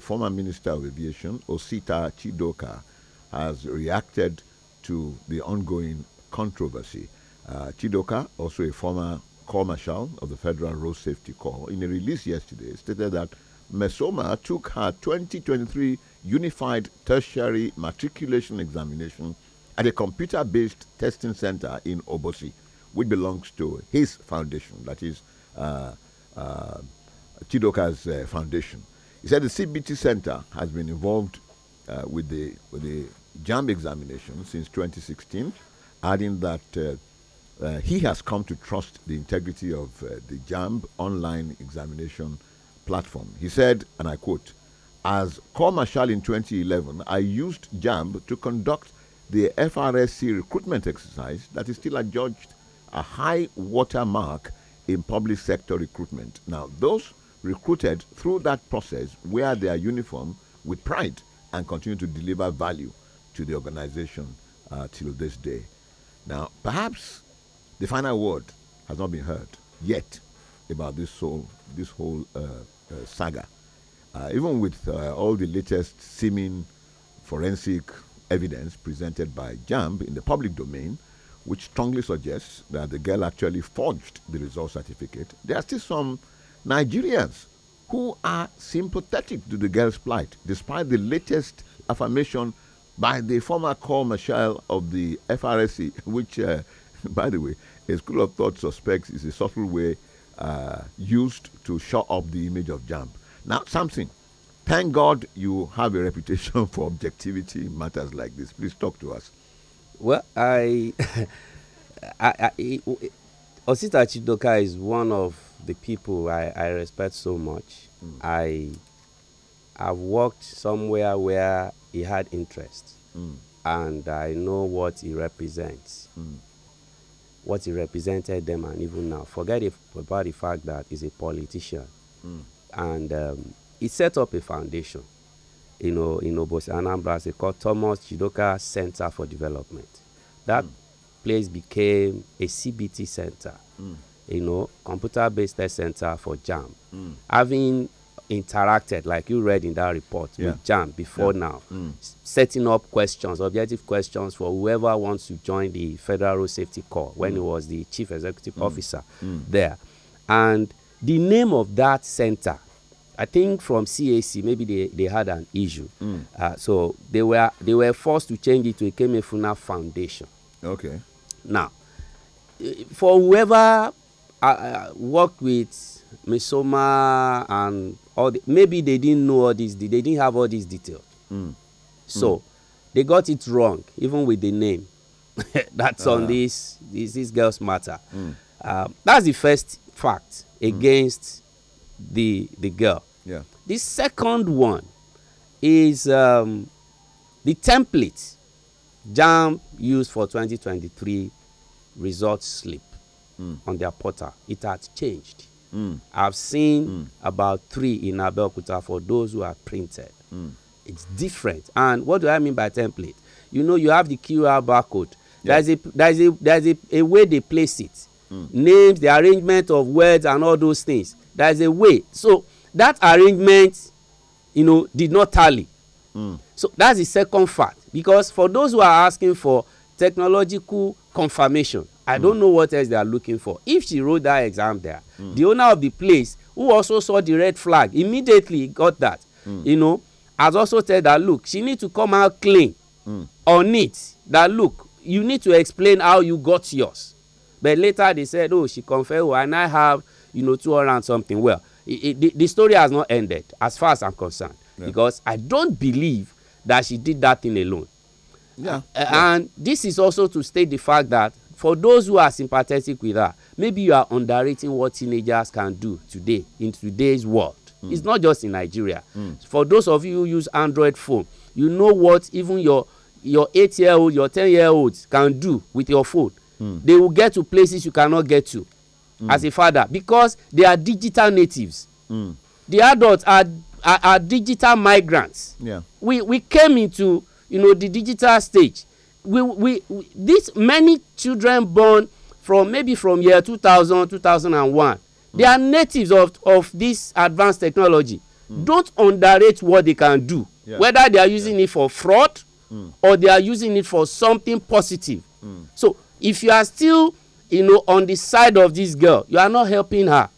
the former Minister of Aviation, Osita Chidoka, has reacted to the ongoing controversy. Uh, Chidoka, also a former Corps Marshal of the Federal Road Safety Corps, in a release yesterday stated that Mesoma took her 2023 Unified Tertiary Matriculation Examination at a computer based testing center in Obosi, which belongs to his foundation, that is, uh, uh, Chidoka's uh, foundation. He said the CBT Center has been involved uh, with, the, with the JAMB examination since 2016, adding that uh, uh, he has come to trust the integrity of uh, the JAMB online examination platform. He said, and I quote, as commercial in 2011, I used JAMB to conduct the FRSC recruitment exercise that is still adjudged a high watermark in public sector recruitment. Now, those recruited through that process wear their uniform with pride and continue to deliver value to the organization uh, till this day. Now, perhaps the final word has not been heard yet about this whole, this whole uh, uh, saga. Uh, even with uh, all the latest seeming forensic evidence presented by JAMB in the public domain, which strongly suggests that the girl actually forged the result certificate, there are still some Nigerians who are sympathetic to the girls' plight, despite the latest affirmation by the former core marshal of the FRSC, which, uh, by the way, a school of thought suspects is a subtle way uh, used to show up the image of Jamp. Now, something. Thank God you have a reputation for objectivity in matters like this. Please talk to us. Well, I, I, I, I Osita Chidoka is one of the people I, I respect so much. Mm. I I've worked somewhere where he had interest, mm. and I know what he represents. Mm. What he represented them, and even now, forget if, about the fact that he's a politician, mm. and um, he set up a foundation, you know, in uh, Obosi Anambra. It's called Thomas Chidoka Center for Development. That mm. place became a CBT center. Mm you know, computer-based test center for JAM, mm. having interacted, like you read in that report, yeah. with JAM before yeah. now, mm. setting up questions, objective questions for whoever wants to join the Federal Road Safety Corps when mm. he was the chief executive mm. officer mm. there. And the name of that center, I think from CAC, maybe they, they had an issue. Mm. Uh, so they were, they were forced to change it to a Kemefuna Foundation. Okay. Now, for whoever I, I worked with Misoma and all the, maybe they didn't know all this, they didn't have all these details. Mm. So mm. they got it wrong, even with the name. that's uh. on ah. this, this, this girl's matter. Mm. Um, that's the first fact hmm. against the the girl. Yeah. The second one is um, the template JAM used for 2023 results slip mm. on their portal. It has changed. Mm. I've seen mm. about three in Abeokuta for those who are printed. Mm. It's different. And what do I mean by template? You know, you have the QR barcode. Yeah. There's a there's a there's a, a way they place it. Mm. Names, the arrangement of words, and all those things. There's a way. So that arrangement, you know, did not tally. Mm. So that's the second fact. Because for those who are asking for technological confirmation, I mm. don't know what else they are looking for. If she wrote that exam there, mm. the owner of the place who also saw the red flag immediately got that, mm. you know, has also said that look, she needs to come out clean hmm. on it. That look, you need to explain how you got yours. But later they said, oh, she confessed, oh, and I have, you know, two and something. Well, it, it, the, the, story has not ended as far as I'm concerned yeah. because I don't believe that she did that thing alone. Yeah. Uh, yeah. And this is also to state the fact that for those who are sympathetic with her maybe you are underrating what teenagers can do today in today's world mm. it's not just in nigeria mm. for those of you who use android phone you know what even your your eight year old your ten year olds can do with your phone mm. they will get to places you cannot get to hmm. as a father because they are digital natives hmm. the adults are, are are, digital migrants yeah. we we came into you know the digital stage we, we, we these many children born from maybe from year 2000 2001 mm. they are natives of of this advanced technology mm. don't underrate what they can do yeah. whether they are using yeah. it for fraud mm. or they are using it for something positive hmm. so if you are still you know on the side of this girl you are not helping her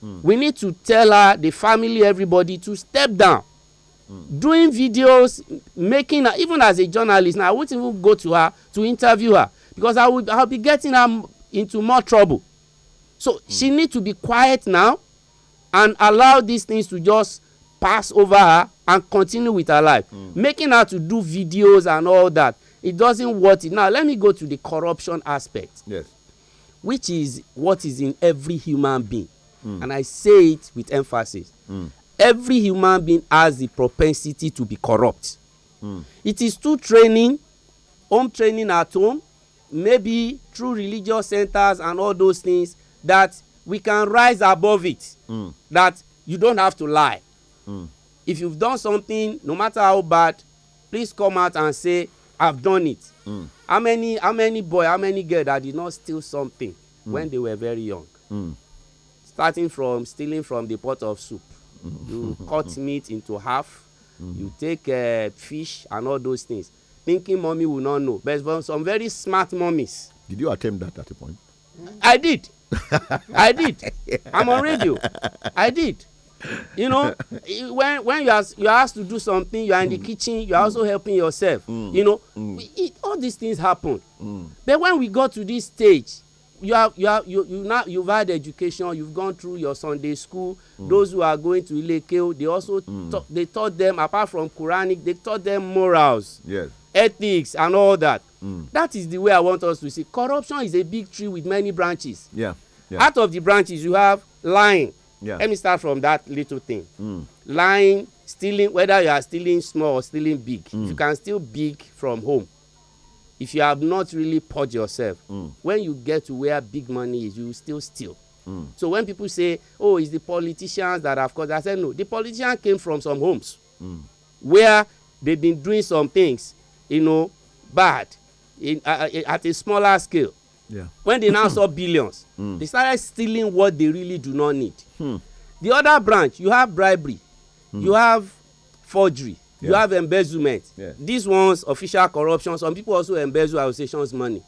hmm. we need to tell her the family everybody to step down doing videos making her even as a journalist now i would not even go to her to interview her because i would i'll be getting her into more trouble so mm. she need to be quiet now and allow these things to just pass over her and continue with her life mm. making her to do videos and all that it doesn't worth it now let me go to the corruption aspect yes which is what is in every human being mm. and i say it with emphasis mm every human being has the propensity to be corrupt. Mm. It is through training, home training at home, maybe through religious centers and all those things that we can rise above it. Mm. That you don't have to lie. Mm. If you've done something, no matter how bad, please come out and say, I've done it. Hmm. How many how many boy, how many girl that did not steal something hmm. when they were very young? Hmm. Starting from stealing from the pot of soup you cut meat into half you take uh, fish and all those things thinking mommy will not know but some very smart mummies. did you attempt that at a point. i did i did i'm on radio i did you know when when you are you are asked to do something you are in the mm. kitchen you are also mm. helping yourself mm. you know mm. it, all these things happen mm. but when we got to this stage you have you have you, you now you've had education you've gone through your sunday school mm. those who are going to ileke they also mm. ta they taught them apart from quranic they taught them morals yes. ethics and all that mm. that is the way i want us to see corruption is a big tree with many branches yeah. yeah. out of the branches you have lying yeah. let me start from that little thing mm. lying stealing whether you are stealing small or stealing big mm. you can steal big from home if you have not really purged yourself mm. when you get to where big money is you still steal mm. so when people say oh it's the politicians that have caused i said no the politician came from some homes mm. where they've been doing some things you know bad in, uh, at a smaller scale yeah. when they now saw billions mm. they started stealing what they really do not need hmm. the other branch you have bribery hmm. you have forgery yeah. you have embezzlement yeah. this one's official corruption some people also embezzle associations money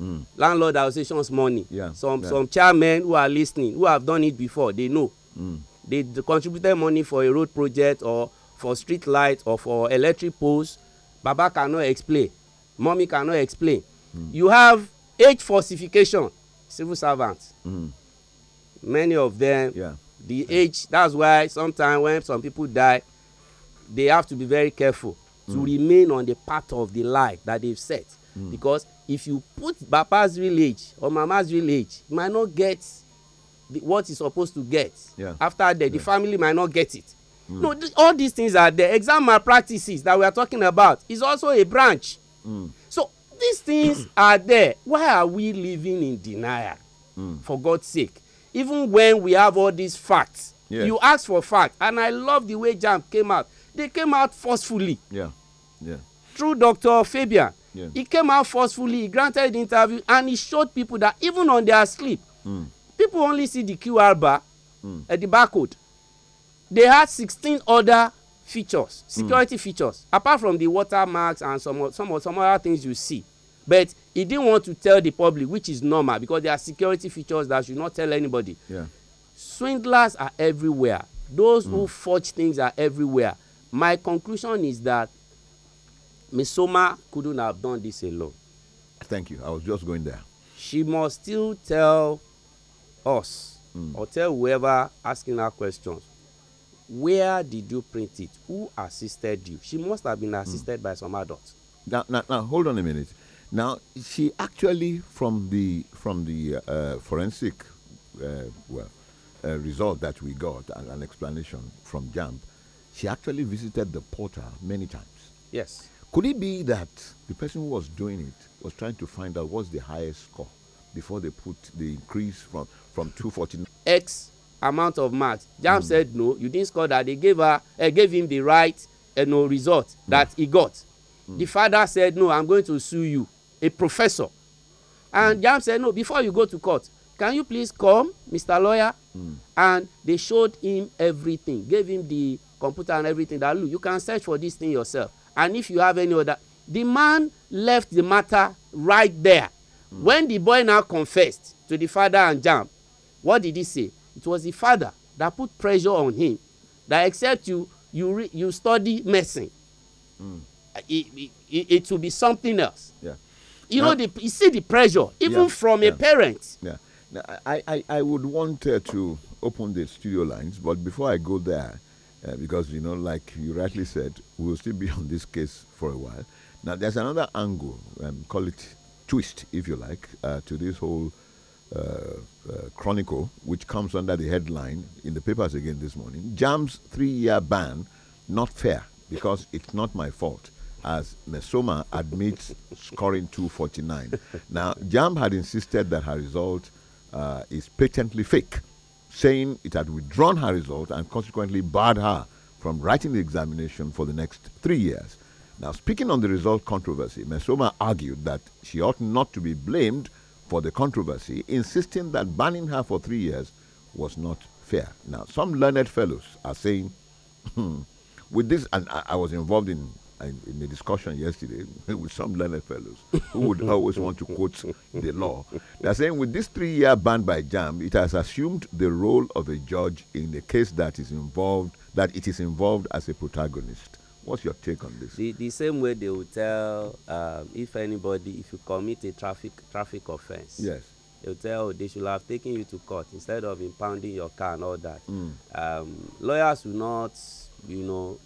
mm. landlord associations money yeah. some yeah. some chairmen who are listening who have done it before they know mm. they, contributed money for a road project or for street light or for electric poles baba cannot explain mommy cannot explain mm. you have age falsification civil servants mm. many of them yeah. the age that's why sometimes when some people die they have to be very careful to mm. remain on the path of the light that they've set. Mm. Because if you put papa's village or Mama's village, you might not get the, what is supposed to get. Yeah. After that, yeah. the family might not get it. Mm. No, th all these things are there. Exam malpractices that we are talking about is also a branch. Mm. So these things are there. Why are we living in denial? Mm. For God's sake. Even when we have all these facts, yes. you ask for facts. And I love the way Jam came out. They came out forcefully. Yeah. Yeah. Through Dr. Fabian. Yeah. He came out forcefully, he granted interview, and he showed people that even on their sleep, mm. people only see the QR bar mm. at eh, the barcode. They had 16 other features, hmm. security mm. features, apart from the watermarks and some, some, some other things you see. But he didn't want to tell the public, which is normal, because there are security features that should not tell anybody. Yeah. Swindlers are everywhere. Those who hmm. forge things are everywhere. My conclusion is that Ms. Soma couldn't have done this alone. Thank you. I was just going there. She must still tell us mm. or tell whoever asking her questions where did you print it? Who assisted you? She must have been hmm. assisted mm. by some adults. Now, now, now, hold on a minute. Now, she actually, from the from the uh, forensic, uh, well, uh, result that we got, an, an explanation from JAMP, she actually visited the porter many times. Yes. Could it be that the person who was doing it was trying to find out what's the highest score before they put the increase from from 249? X amount of marks. Jam mm. said no, you didn't score that. They gave her, uh, gave him the right uh, no result mm. that mm. he got. Mm. The father said no, I'm going to sue you, a professor. And mm. Jam said no, before you go to court, can you please come, Mr. Lawyer? Mm. And they showed him everything, gave him the computer and everything that look you can search for this thing yourself and if you have any other the man left the matter right there mm. when the boy now confessed to the father and jam what did he say it was the father that put pressure on him that except you you re, you study medicine mm. it, it, it, will be something else yeah. you now, know the you see the pressure even yeah, from yeah. a parent yeah now, I, I i would want uh, to open the studio lines but before i go there uh, because, you know, like you rightly said, we will still be on this case for a while. Now, there's another angle, um, call it twist, if you like, uh, to this whole uh, uh, chronicle, which comes under the headline in the papers again this morning Jam's three year ban, not fair, because it's not my fault as Mesoma admits scoring 249. Now, Jam had insisted that her result uh, is patently fake saying it had withdrawn her result and consequently barred her from writing the examination for the next three years. Now, speaking on the result controversy, Mesoma argued that she ought not to be blamed for the controversy, insisting that banning her for three years was not fair. Now, some learned fellows are saying, hmm, with this, and I, I was involved in in, in a discussion yesterday with some learned fellows who would always want to quote the law. They're saying with this three year ban by JAM, it has assumed the role of a judge in a case that is involved, that it is involved as a protagonist. What's your take on this? The, the same way they will tell um, if anybody, if you commit a traffic traffic offense, yes, they will tell oh, they should have taken you to court instead of impounding your car and all that. Mm. Um, lawyers will not, you know,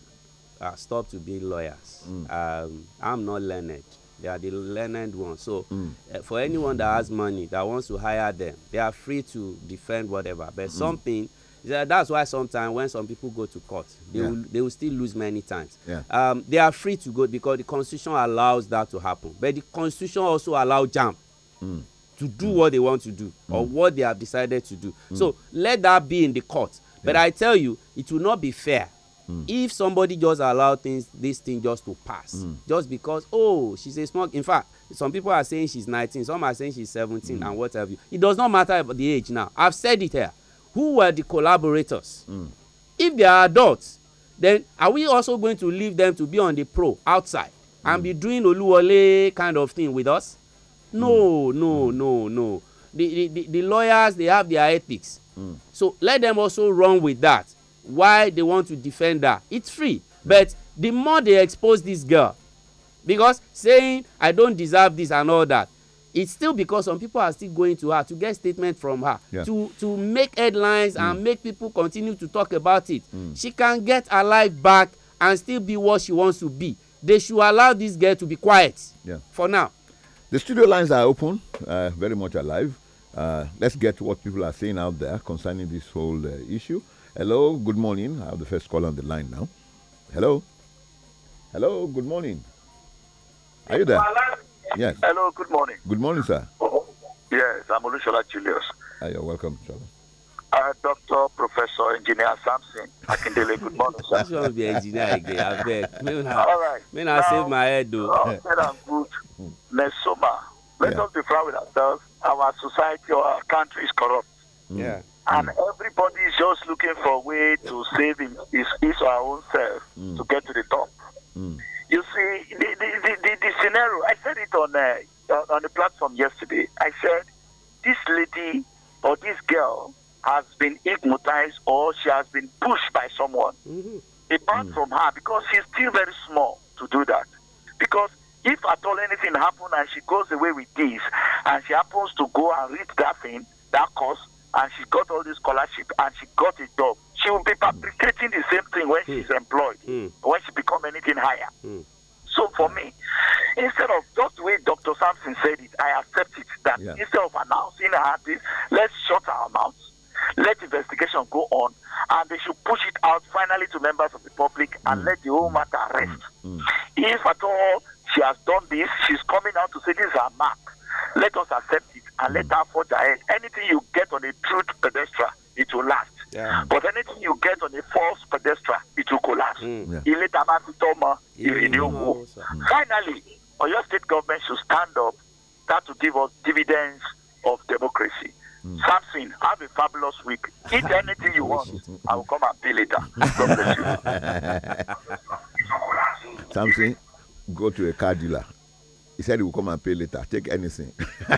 uh, stop to be lawyers. Mm. Um, I'm not learned. They are the learned ones. So mm. uh, for anyone that has money that wants to hire them, they are free to defend whatever. But mm. something that's why sometimes when some people go to court, they yeah. will they will still lose many times. Yeah. Um, they are free to go because the constitution allows that to happen. But the constitution also allows jump mm. to do what they want to do or mm. what they have decided to do. Mm. So let that be in the court. But yeah. I tell you, it will not be fair Mm. If somebody just allow things, this thing just to pass, mm. just because oh she's a small. In fact, some people are saying she's 19, some are saying she's 17, mm. and what have you. It does not matter about the age now. I've said it here. Who were the collaborators? Mm. If they are adults, then are we also going to leave them to be on the pro outside and be mm. doing Oluwole kind of thing with us? No, no, no, no. The, the, the lawyers they have their ethics. So let them also run with that why they want to defend her it's free but the more they expose this girl because saying i don't deserve this and all that it's still because some people are still going to her to get statement from her yeah. to to make headlines mm. and make people continue to talk about it mm. she can get her life back and still be what she wants to be they should allow this girl to be quiet yeah. for now the studio lines are open uh, very much alive uh, let's get what people are saying out there concerning this whole uh, issue Hello, good morning. I have the first call on the line now. Hello. Hello, good morning. Are you there? Yes. Hello, good morning. Good morning, sir. Yes, I'm Olusola Julius. Ah, you're welcome, Charles. Uh, Doctor, Professor, Engineer Samson Akindele, good morning, sir. I should be engineer again, I beg. All right. May not now, save my head, though. Oh, I'm good. Next summer, let yeah. us be frank with ourselves. Our society, our country is corrupt. Mm. Yeah and mm. everybody is just looking for a way to save him, his, his or her own self mm. to get to the top. Mm. You see, the, the, the, the, scenario, I said it on, uh, on the platform yesterday. I said, this lady or this girl has been hypnotized or she has been pushed by someone mm-hmm. apart mm. from her because she's still very small to do that. Because if at all anything happens and she goes away with this and she happens to go and read that thing, that course, and she got all this scholarship and she got a job, she will be fabricating the same thing when mm. she's hmm. employed, mm. when she become anything higher. Mm. So for me, instead of just the way Dr. Sampson said it, I accept it that yeah. instead of announcing her this, let's shut our mouths, let investigation go on, and they should push it out finally to members of the public and hmm. let the whole hmm. matter rest. If at all she has done this, she's coming out to say this is her mark let us accept it and let that forge ahead. Anything you get on a truth pedestal, it will last. Yeah. But anything you get on a false pedestal, it will collapse. Mm. Yeah. Mm. Finally, your state government should stand up, start to give us dividends of democracy. Mm. Samson, have a fabulous week. Eat anything you want. I will come and pay later. God bless you. Samson, go to a car dealer he said he will come and pay later. Take anything.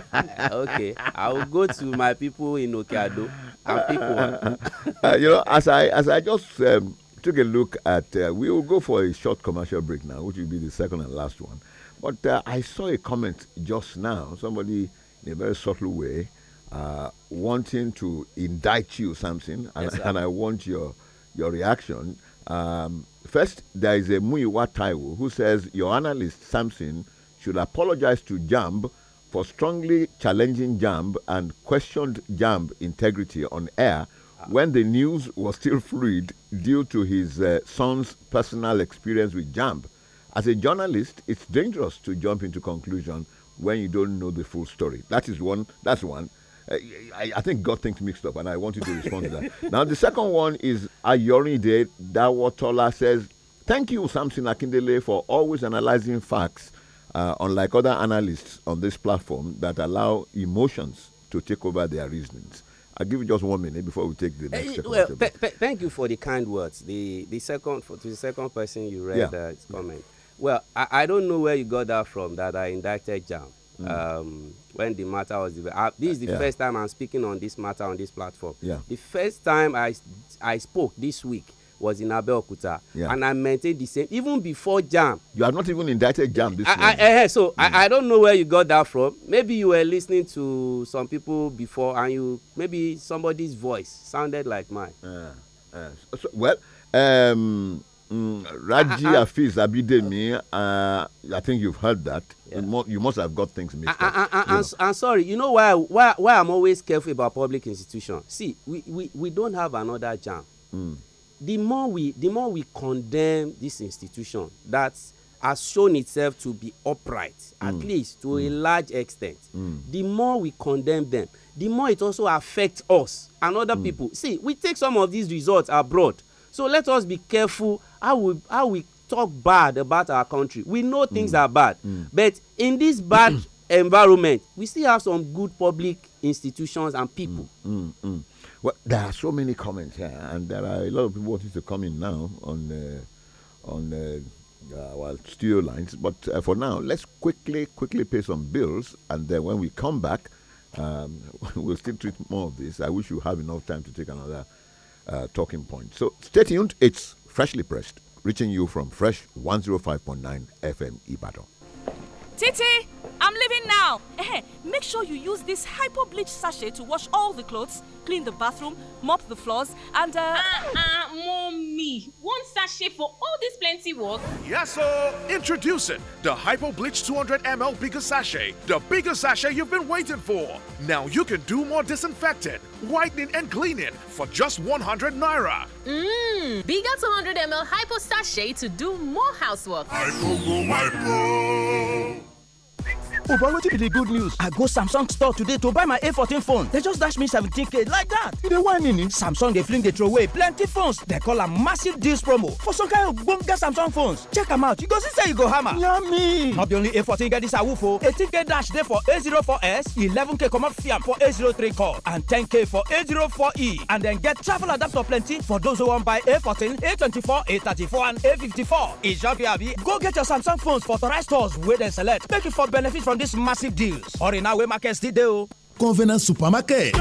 okay, I will go to my people in Okado and pick one. uh, you know, as I as I just um, took a look at, uh, we will go for a short commercial break now, which will be the second and last one. But uh, I saw a comment just now. Somebody in a very subtle way uh, wanting to indict you something, and, yes, and I want your your reaction. Um, first, there is a Muiwa Taiwo who says your analyst Samson should apologize to Jamb for strongly challenging Jamb and questioned Jamb integrity on air when the news was still fluid due to his uh, son's personal experience with Jamb. As a journalist, it's dangerous to jump into conclusion when you don't know the full story. That is one. That's one. Uh, I, I, think God thinks mixed up, and I want you to respond to that. now, the second one is Ayorinde Dawotola says, Thank you, Samson Akindele, for always analyzing facts uh, unlike other analysts on this platform that allow emotions to take over their reasonings. I'll give you just one minute before we take the eh, next. Uh, well, thank you for the kind words. The the second for, to the second person you read yeah. uh, comment. Well, I, I don't know where you got that from that I indicted Jam. Mm. Um, when the matter was uh, this is the yeah. first time I'm speaking on this matter on this platform. Yeah. The first time I I spoke this week, was in Abeokuta. Yeah. And I maintained the same even before JAM. You are not even indicted JAM this I, I, eh, eh, I So mm. I, I don't know where you got that from. Maybe you were listening to some people before and you maybe somebody's voice sounded like mine. Uh, uh, so, well, um, Mm, Raji I, I, Afiz Abidemi, uh, I think you've heard that. Yeah. You, you, must have got things mixed I, up. I, am sorry. You know why, why, why I'm always careful about public institutions? See, we, we, we don't have another jam. Mm the more we the more we condemn this institution that has shown itself to be upright at mm. least to mm. a large extent mm. the more we condemn them the more it also affects us and other mm. people see we take some of these results abroad so let us be careful how we how we talk bad about our country we know things mm. are bad but in this bad environment we still have some good public institutions and people well, there are so many comments here, and there are a lot of people wanting to come in now on uh, on uh, uh, well studio lines. But uh, for now, let's quickly quickly pay some bills, and then when we come back, um, we'll still treat more of this. I wish you have enough time to take another uh, talking point. So stay tuned. It's freshly pressed, reaching you from Fresh 105.9 FM Ibadan. Titi, I'm leaving now. Make sure you use this hypo bleach sachet to wash all the clothes clean the bathroom, mop the floors, and uh. Uh, uh, mommy, one sachet for all this plenty work. Yes, sir. Introducing the Hypo Bleach 200 ml bigger sachet, the bigger sachet you've been waiting for. Now you can do more disinfecting, whitening, and cleaning for just 100 naira. Mmm, bigger 200 ml Hypo sachet to do more housework. Hypo, go, hypo. Oba, oh, wetin be the good news? I go Samsung store today to buy my A14 phone. They just dash me 17k like that. You dey whine nini? Samsung dey fling dey throw away plenty phones. They call am massive deals promo for some kind ogbonge Samsung phones. Check am out, you go see say you go hammer. Yummy! Not be only A14 get this awoof o. 18k dash dey for A04s, 11k comot fiam for A03 core, and 10k for A04e. And then get travel adapter plenty for those who wan buy A14, A24, A34 and A54. E sure abi. Go get your Samsung phones for authorized stores wey dem select make you for benefit from on these massive deals. Hurry now, where market still deal convenience supermarket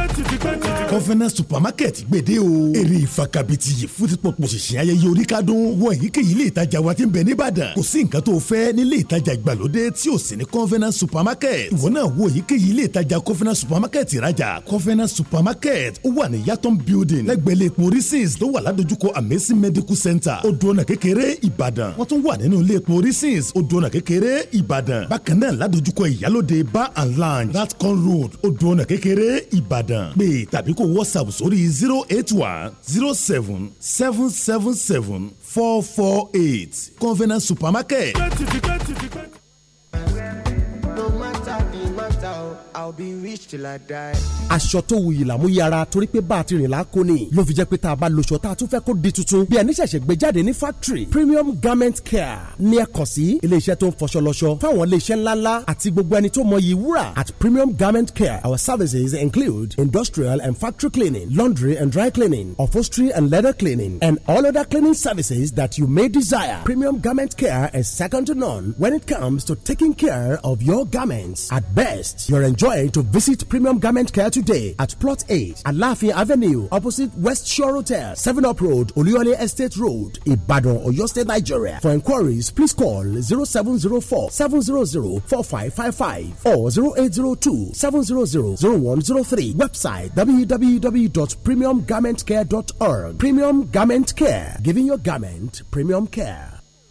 convenience supermarket gbèdé o èrè ìfakabiti yìí fún títpọ̀ pòṣìṣì ayẹyẹ oríkádùn wọ èyíkéyìí ilé ìtajà wa ti ń bẹ nìbàdàn kò sí nǹkan tó o fẹ́ nílé ìtajà ìgbàlódé tí ò sí ní convenience supermarket ìwọ náà wo èyíkéyìí ilé ìtajà convenience supermarket ìrajà convenience supermarket ó wà ní yàtọ̀ building lẹ́gbẹ̀ẹ́ lẹ́pọ̀ reasons tó wà ládojúkọ amazing medical center Odo ọ̀nà kékeré ìbàdàn wọ́n tún wà nínú lẹ́pọ̀ reasons odò ọ̀nà kékeré ìbàdàn bákan náà ládojúkọ ìyálòde bar and lounge ratcon road odò ẹnu ọ̀nà kékeré ìbàdàn pé tàbí kó whatsapp sórí zero eight one zero seven seven seven seven four four eight convenance supermarket. I'll be rich till I die. aṣọ tó wuyì làmúyẹ ara torí pé bá a ti rìn láko ni ló fi jẹ́ pé tá a bá lòṣọ tá a tún fẹ́ kó di tuntun bí ẹni ṣẹ̀ṣẹ̀ gbé jáde ní factory premium garment care ní ẹ kàn sí iléeṣẹ́ tó ń fọṣọ lọ́ṣọ fáwọn iléeṣẹ́ ńláńlá àti gbogbo ẹni tó mọyì wúrà at premium garment care our services include industrial and factory cleaning laundry and dry cleaning upholstery and leather cleaning and all other cleaning services that you may desire premium garment care is second to none when it comes to taking care of your garments at best you're enjoying mind to visit Premium Garment Care today at Plot 8, Alafia Avenue, opposite West Shore Hotel, 7 Up Road, Oluyole Estate Road, Ibadan, Oyo State, Nigeria. For inquiries, please call 0704 700 4555 or 0802 700 0103. Website www.premiumgarmentcare.org. Premium Garment Care, giving your garment premium care.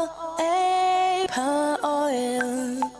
oil, ape oil.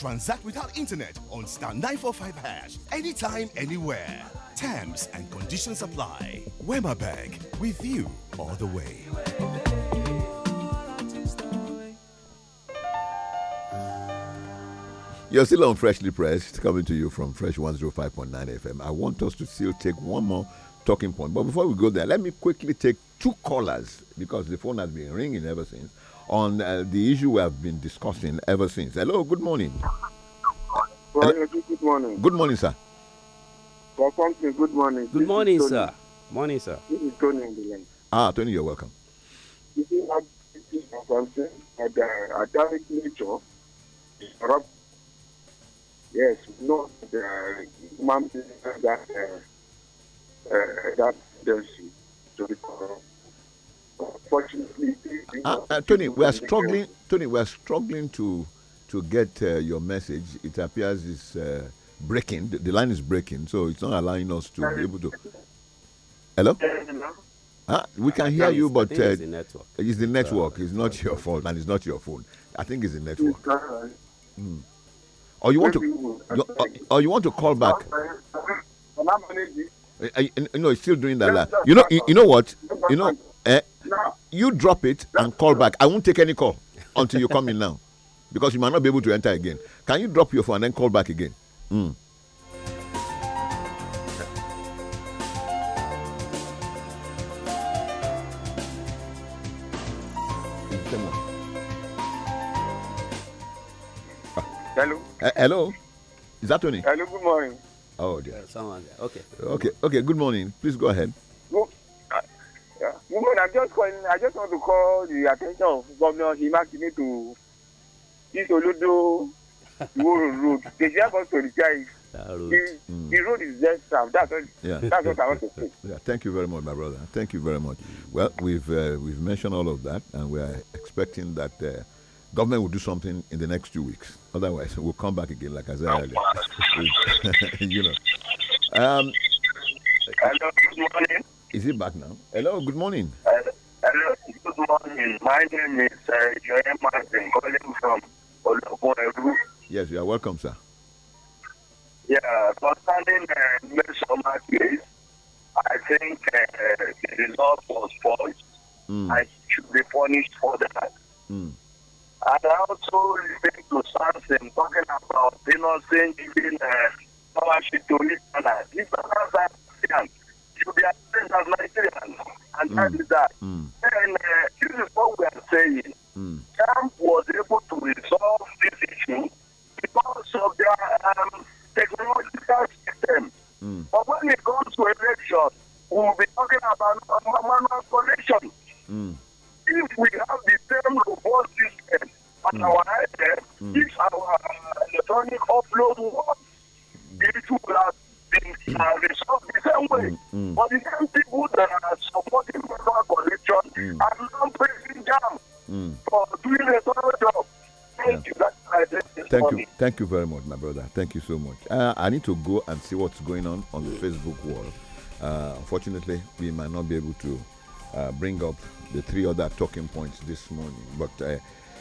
Transact without internet on star 945 hash anytime, anywhere. Terms and conditions apply. Wema Bank with you all the way. You're still on Freshly Pressed, coming to you from Fresh 105.9 FM. I want us to still take one more talking point. But before we go there, let me quickly take two callers because the phone has been ringing ever since on uh, the issue we have been discussing ever since. Hello, good morning. Hello. Good morning. Good morning, sir. For company, good morning. Good this morning, sir. Morning, sir. This is Tony on the line. Ah, Tony, you're welcome. You see, I'm something that uh, Adamic nature is corrupt. Yes, we the human being that uh, uh, that tendency to be corrupt unfortunately. Uh, uh, Tony, we are struggling. Tony, we are struggling to to get uh, your message. It appears it's uh, breaking. The, the, line is breaking, so it's not allowing us to be able to. Hello. Huh? Ah, we can hear you, but it's uh, the network. It's the network. It's not your fault, and it's not your phone. I think it's the network. Mm. Or you want to, or, or you want to call back. I, know no, it's still doing that. You know, you, you know what? You know Eh? No. You drop it no. and call back. I won't take any call until you come in now because you might not be able to enter again. Can you drop your phone and then call back again? Mm. Hello. Uh, hello. Is that Tony? Hello. Good morning. Oh dear. Someone. there? Okay. Okay. Okay. Good morning. Please go ahead. I just I just want to call the attention of Governor Himakini to this Olodo Road. They just want to repair mm. the, road is just south. That's what, yeah. that's what I want to say. Yeah, thank you very much, my brother. Thank you very much. Well, we've uh, we've mentioned all of that, and we are expecting that uh, government will do something in the next two weeks. Otherwise, we'll come back again, like I said earlier. you know. Um, Hello, good morning. Is he back now? Hello, good morning. Uh, hello, good morning. My name is uh, Joel Martin, calling from Oloboeru. Yes, you are welcome, sir. Yeah, concerning uh, Mesoma case, I think uh, the result was false. Mm. I should be punished for that. Mm. And I also listen to Samson talking about innocent giving uh, power to this These are not that they are friends as Nigerians. And mm. that is that. Mm. And uh, this is what we are saying. Mm. Trump was able to resolve this issue because of their um, technological system. Mm. But when it comes to election, we will be talking about manual collection. Mm. If we have the same robust system at mm. our head, mm. if our electronic upload was, it will have resolved the same way. Mm. But the same people that are supporting federal mm. are now praising them mm. for doing a thorough job. Thank yeah. you. Thank you. Thank you very much, my brother. Thank you so much. Uh, I need to go and see what's going on on the Facebook wall. Uh, unfortunately, we might not be able to uh, bring up the three other talking points this morning, but uh,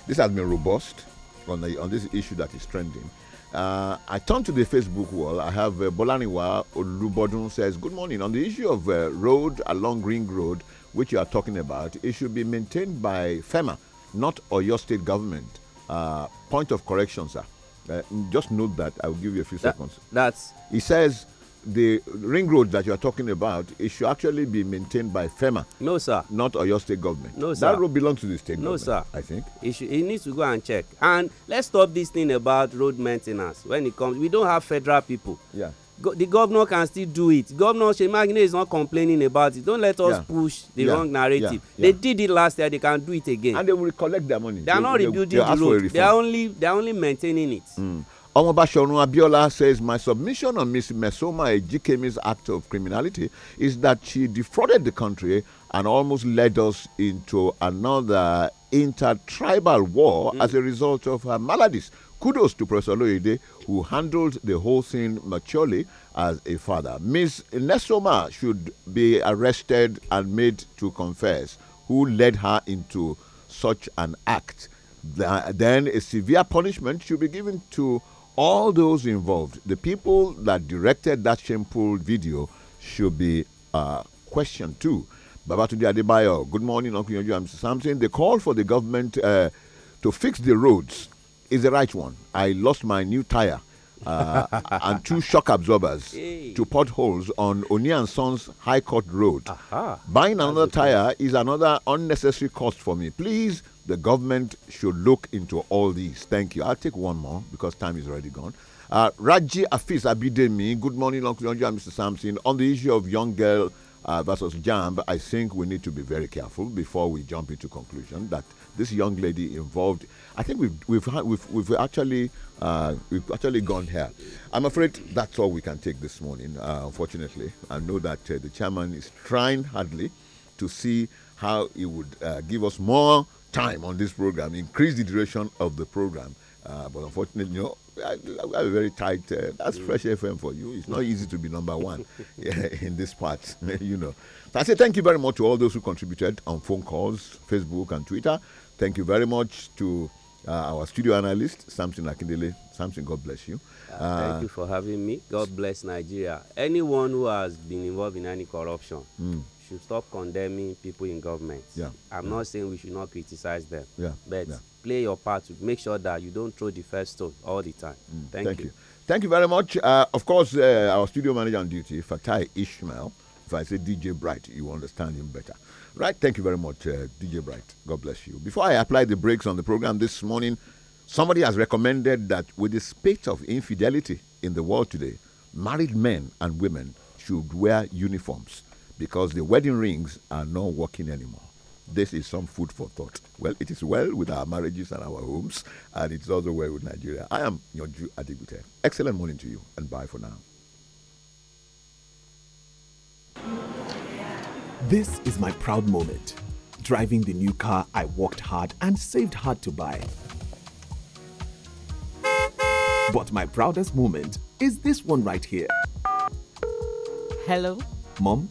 this has been robust on, the, on this issue that is trending. Uh, I turn to the Facebook wall. I have uh, Bolaniwa Olubodun says, Good morning. On the issue of uh, road along green Road, which you are talking about, it should be maintained by FEMA, not Oyo State government. Uh, point of correction, sir. Uh, just note that. I will give you a few that, seconds. That's. He says the ring road that you are talking about, it should actually be maintained by FEMA. No, sir. Not Oyo State government. No, sir. That road belongs to the state no, government. No, sir. I think. It, should, it needs to go and check. And let's stop this thing about road maintenance. When it comes, we don't have federal people. Yeah. Go, the governor can still do it. Governor Shemagne is not complaining about it. Don't let us yeah. push the yeah. wrong narrative. Yeah. They did it last year. They can do it again. And they will collect their money. They are not rebuilding the road. They are only they are only maintaining it. Mm. Omobashorun Abiola says, My submission on Ms. Mesoma Ejikemi's act of criminality is that she defrauded the country and almost led us into another intertribal war mm. as a result of her maladies. Kudos to Professor Loide, who handled the whole thing maturely as a father. Ms. Nesoma should be arrested and made to confess who led her into such an act. Then a severe punishment should be given to all those involved, the people that directed that shameful video, should be uh, questioned too. Babatunde Adebayo, good morning, Uncle Yonju. I'm Samson. The call for the government uh, to fix the roads is the right one. I lost my new tire uh, and two shock absorbers hey. to potholes on Oni and Sons High Court Road. Buying another tire is another unnecessary cost for me. Please the government should look into all these. Thank you. I'll take one more because time is already gone. Uh, Raji Afis Abidemi, good morning, Uncle Yonju and Mr. Sampson. On the issue of young girl uh, versus JAMB, I think we need to be very careful before we jump into conclusion that this young lady involved. I think we've we've we've, we've actually uh, we've actually gone here. I'm afraid that's all we can take this morning. Uh, unfortunately, I know that uh, the chairman is trying hardly to see how he would uh, give us more time on this program, increase the duration of the program. Uh, but unfortunately, you know, I, I have a very tight. Uh, that's mm. Fresh FM for you. It's not easy to be number one yeah, in this part, you know. So I say thank you very much to all those who contributed on phone calls, Facebook, and Twitter. Thank you very much to uh, our studio analyst, Samson Akindele. Samson, God bless you. Uh, thank you for having me. God bless Nigeria. Anyone who has been involved in any corruption. Mm should stop condemning people in government. Yeah. I'm yeah. not saying we should not criticize them. Yeah. But yeah. play your part to make sure that you don't throw the first stone all the time. Mm. Thank, Thank you. you. Thank you very much. Uh, of course, uh, our studio manager on duty, Fatai Ishmael. If I say DJ Bright, you understand him better. Right. Thank you very much, uh, DJ Bright. God bless you. Before I apply the brakes on the program this morning, somebody has recommended that with the spate of infidelity in the world today, married men and women should wear uniforms because the wedding rings are not working anymore. This is some food for thought. Well, it is well with our marriages and our homes, and it's also well with Nigeria. I am your Jew Adigute. Excellent morning to you, and bye for now. This is my proud moment. Driving the new car I worked hard and saved hard to buy. But my proudest moment is this one right here. Hello? Mom,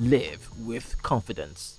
live with confidence.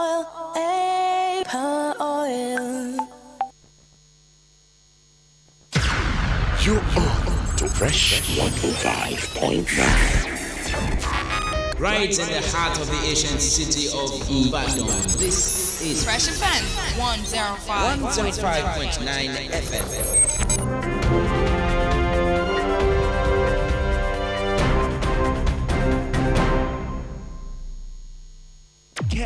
oil. You are to Fresh 105.9. Right in the heart of the ancient city of Ibadan, this is Fresh FM 105.9 FM.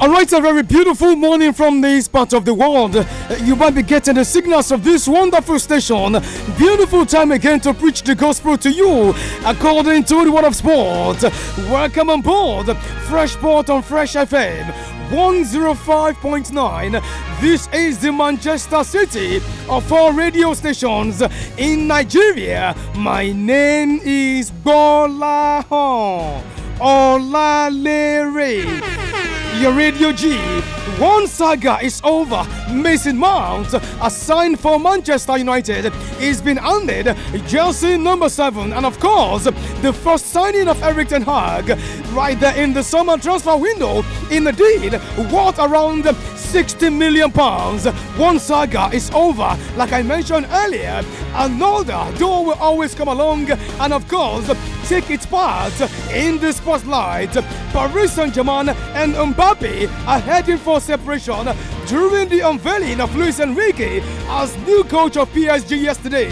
Alright, a very beautiful morning from this part of the world. Uh, you might be getting the signals of this wonderful station. Beautiful time again to preach the gospel to you according to the word of sport. Welcome on board Fresh Port on Fresh FM 105.9. This is the Manchester City of all radio stations in Nigeria. My name is Bola Hon. Olalere. Your Radio G. One saga is over. Mason Mount, a sign for Manchester United, is being handed Chelsea number seven, and of course, the first signing of Eric Ten Hag right there in the summer transfer window. Indeed, worth around 60 million pounds. One saga is over, like I mentioned earlier. Another door will always come along, and of course, take its part in this spotlight, Paris Saint-Germain and Mbappe are heading for separation during the unveiling of Luis Enrique as new coach of PSG yesterday.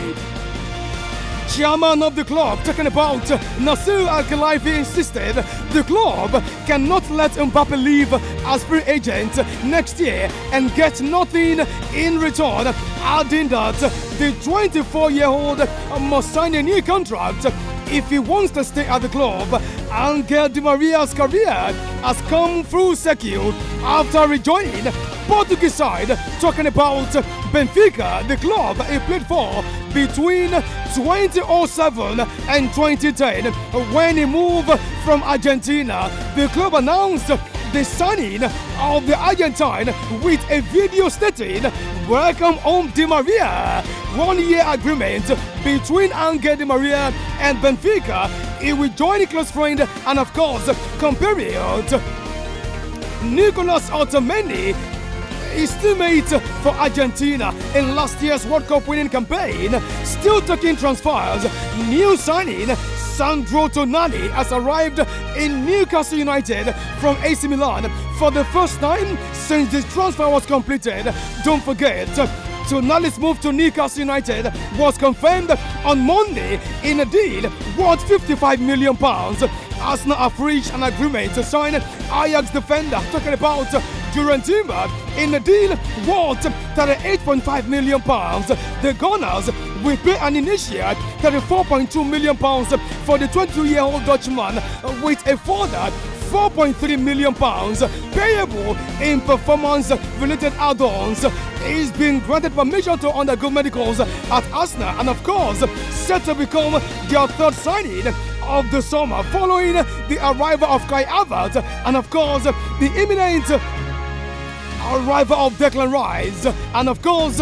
Chairman of the club, talking about Nasir Al Khelaifi, insisted the club cannot let Mbappe leave as free agent next year and get nothing in return, adding that the 24 year old must sign a new contract if he wants to stay at the club. Angel Di Maria's career has come through secure after rejoining Portuguese side, talking about Benfica, the club he played for between 2007 and 2010 when he moved from Argentina. The club announced the signing of the Argentine with a video stating, Welcome home, Di Maria. One year agreement between Angel Di Maria and Benfica. He will join a close friend and, of course, compatriot Nicolas Otamendi his teammate for Argentina in last year's World Cup winning campaign. Still taking transfers, new signing Sandro Tonali has arrived in Newcastle United from AC Milan for the first time since this transfer was completed. Don't forget, Tonali's move to Newcastle United was confirmed on Monday in a deal worth 55 million pounds. Arsenal have reached an agreement to sign Ajax defender, talking about Durantima in a deal worth 38.5 million pounds. The Gunners will pay an initial 34.2 million pounds for the 22-year-old Dutchman with a further 4.3 million pounds payable in performance related add-ons He's been granted permission to undergo medicals at Arsenal and of course set to become their third signing of the summer following the arrival of Kai Havertz and of course the imminent arrival of Declan Rice. And of course,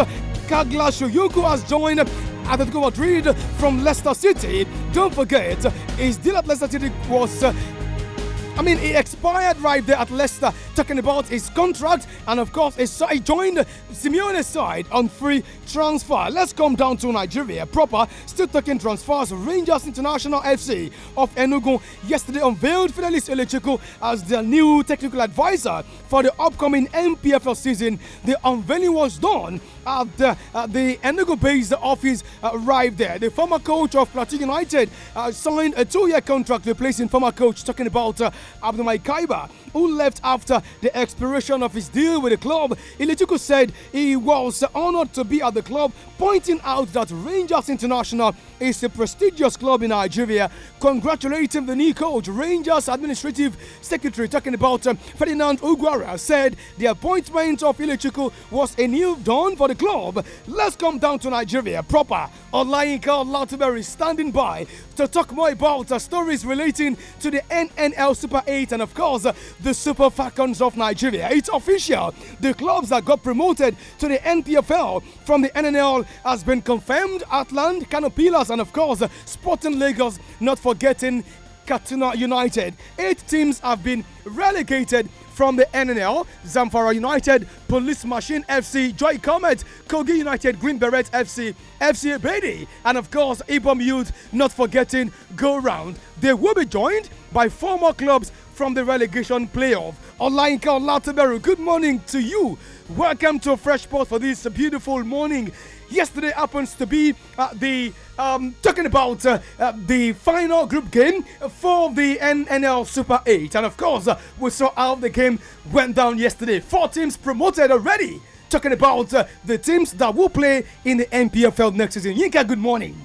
Kagla Shoyuku has joined Atletico Madrid from Leicester City. Don't forget, his deal at Leicester City was, I mean, he expired right there at Leicester talking about his contract. And of course, he joined Simeone's side on free transfer. Let's come down to Nigeria proper. Still talking transfers. Rangers International FC of Enugu yesterday unveiled Fidelis Elechiko as their new technical advisor for the upcoming MPFL season. The unveiling was done at the, at the Enugu based office uh, arrived there. The former coach of Platini United uh, signed a two year contract replacing former coach, talking about uh, Kaiba, who left after the expiration of his deal with the club, Iletiku said he was honored to be at the club, pointing out that Rangers International is a prestigious club in Nigeria, congratulating the new coach. Rangers Administrative Secretary, talking about um, Ferdinand Uguara, said the appointment of Iletiku was a new dawn for the club. Let's come down to Nigeria proper. Olayinka Latuberry standing by to talk more about uh, stories relating to the NNL Super 8 and, of course, uh, the Super Falcons Kings of Nigeria. It's official. The clubs that got promoted to the NPFL from the NNL has been confirmed. Atland, Canopilas, and of course, Sporting Lagos, not forgetting Katuna United. Eight teams have been relegated from the NNL, Zamfara United, Police Machine FC, Joy Comet, Kogi United, Green Beret FC, FC Abedi, and of course Ibom Youth, not forgetting Go Round. They will be joined by four more clubs from the relegation playoff. Olainka Olateberu, good morning to you. Welcome to Fresh for this beautiful morning. Yesterday happens to be uh, the um, talking about uh, uh, the final group game for the NNL Super 8. And of course, uh, we saw how the game went down yesterday. Four teams promoted already. Talking about uh, the teams that will play in the NPFL next season. Yinka, good morning.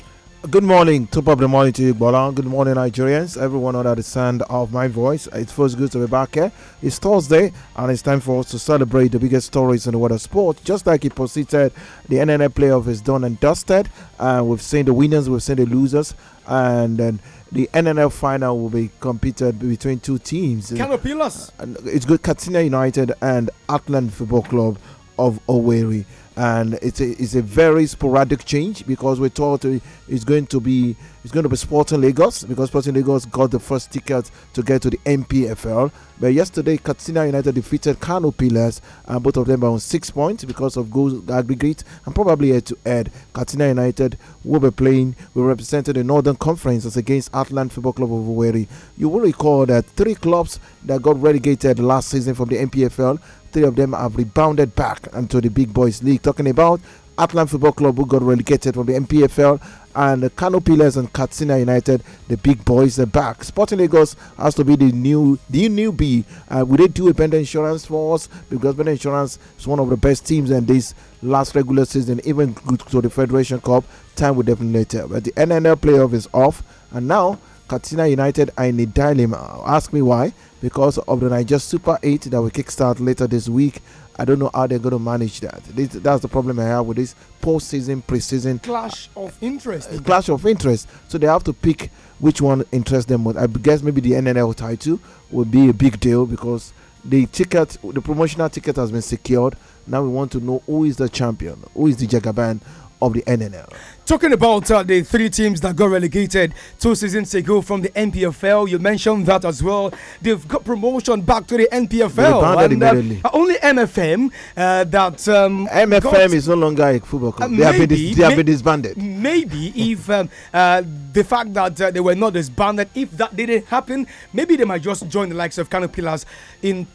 Good morning, top of the morning to you, Bolan. Good morning, Nigerians. Everyone under the sound of my voice. It feels good to be back here. It's Thursday, and it's time for us to celebrate the biggest stories in the world of sport. Just like he proceeded the NNA playoff is done and dusted. Uh, we've seen the winners, we've seen the losers, and then the NNL final will be competed between two teams. Canopilas. Uh, it's good, Katina United and Atlanta Football Club of Owerri and it's a, it's a very sporadic change because we're told it's going to be it's going to be Sporting Lagos because Sporting Lagos got the first ticket to get to the MPFL. But yesterday, Katsina United defeated Kano Pillars, and both of them are on six points because of goals aggregate and probably head to head. Katsina United will be playing. We represented the Northern Conference as against Atlant Football Club of Owerri. You will recall that three clubs that got relegated last season from the MPFL Three of them have rebounded back into the Big Boys League. Talking about Atlanta Football Club, who got relegated from the MPFL, and the Kano Pillars and Katsina United, the big boys, are back. Sporting Lagos has to be the new the newbie. Uh, will they do a Bender Insurance for us? Because Bender Insurance is one of the best teams in this last regular season, even to the Federation Cup. Time will definitely tell. But the NNL playoff is off, and now Katsina United are in a dilemma. Ask me why because of the Niger Super 8 that will kickstart later this week. I don't know how they're going to manage that. This, that's the problem I have with this postseason, preseason clash of interest. Uh, clash of interest. So they have to pick which one interests them most. I guess maybe the NNL title will be a big deal because the ticket, the promotional ticket, has been secured. Now we want to know who is the champion, who is the Jagaban, of the NNL. Talking about uh, the three teams that got relegated two seasons ago from the NPFL, you mentioned that as well. They've got promotion back to the NPFL. And, uh, uh only MFM uh, that. Um, MFM is no longer a football club. they, maybe, have, been they have been disbanded. Maybe if um, uh, the fact that uh, they were not disbanded, if that didn't happen, maybe they might just join the likes of Canopilas in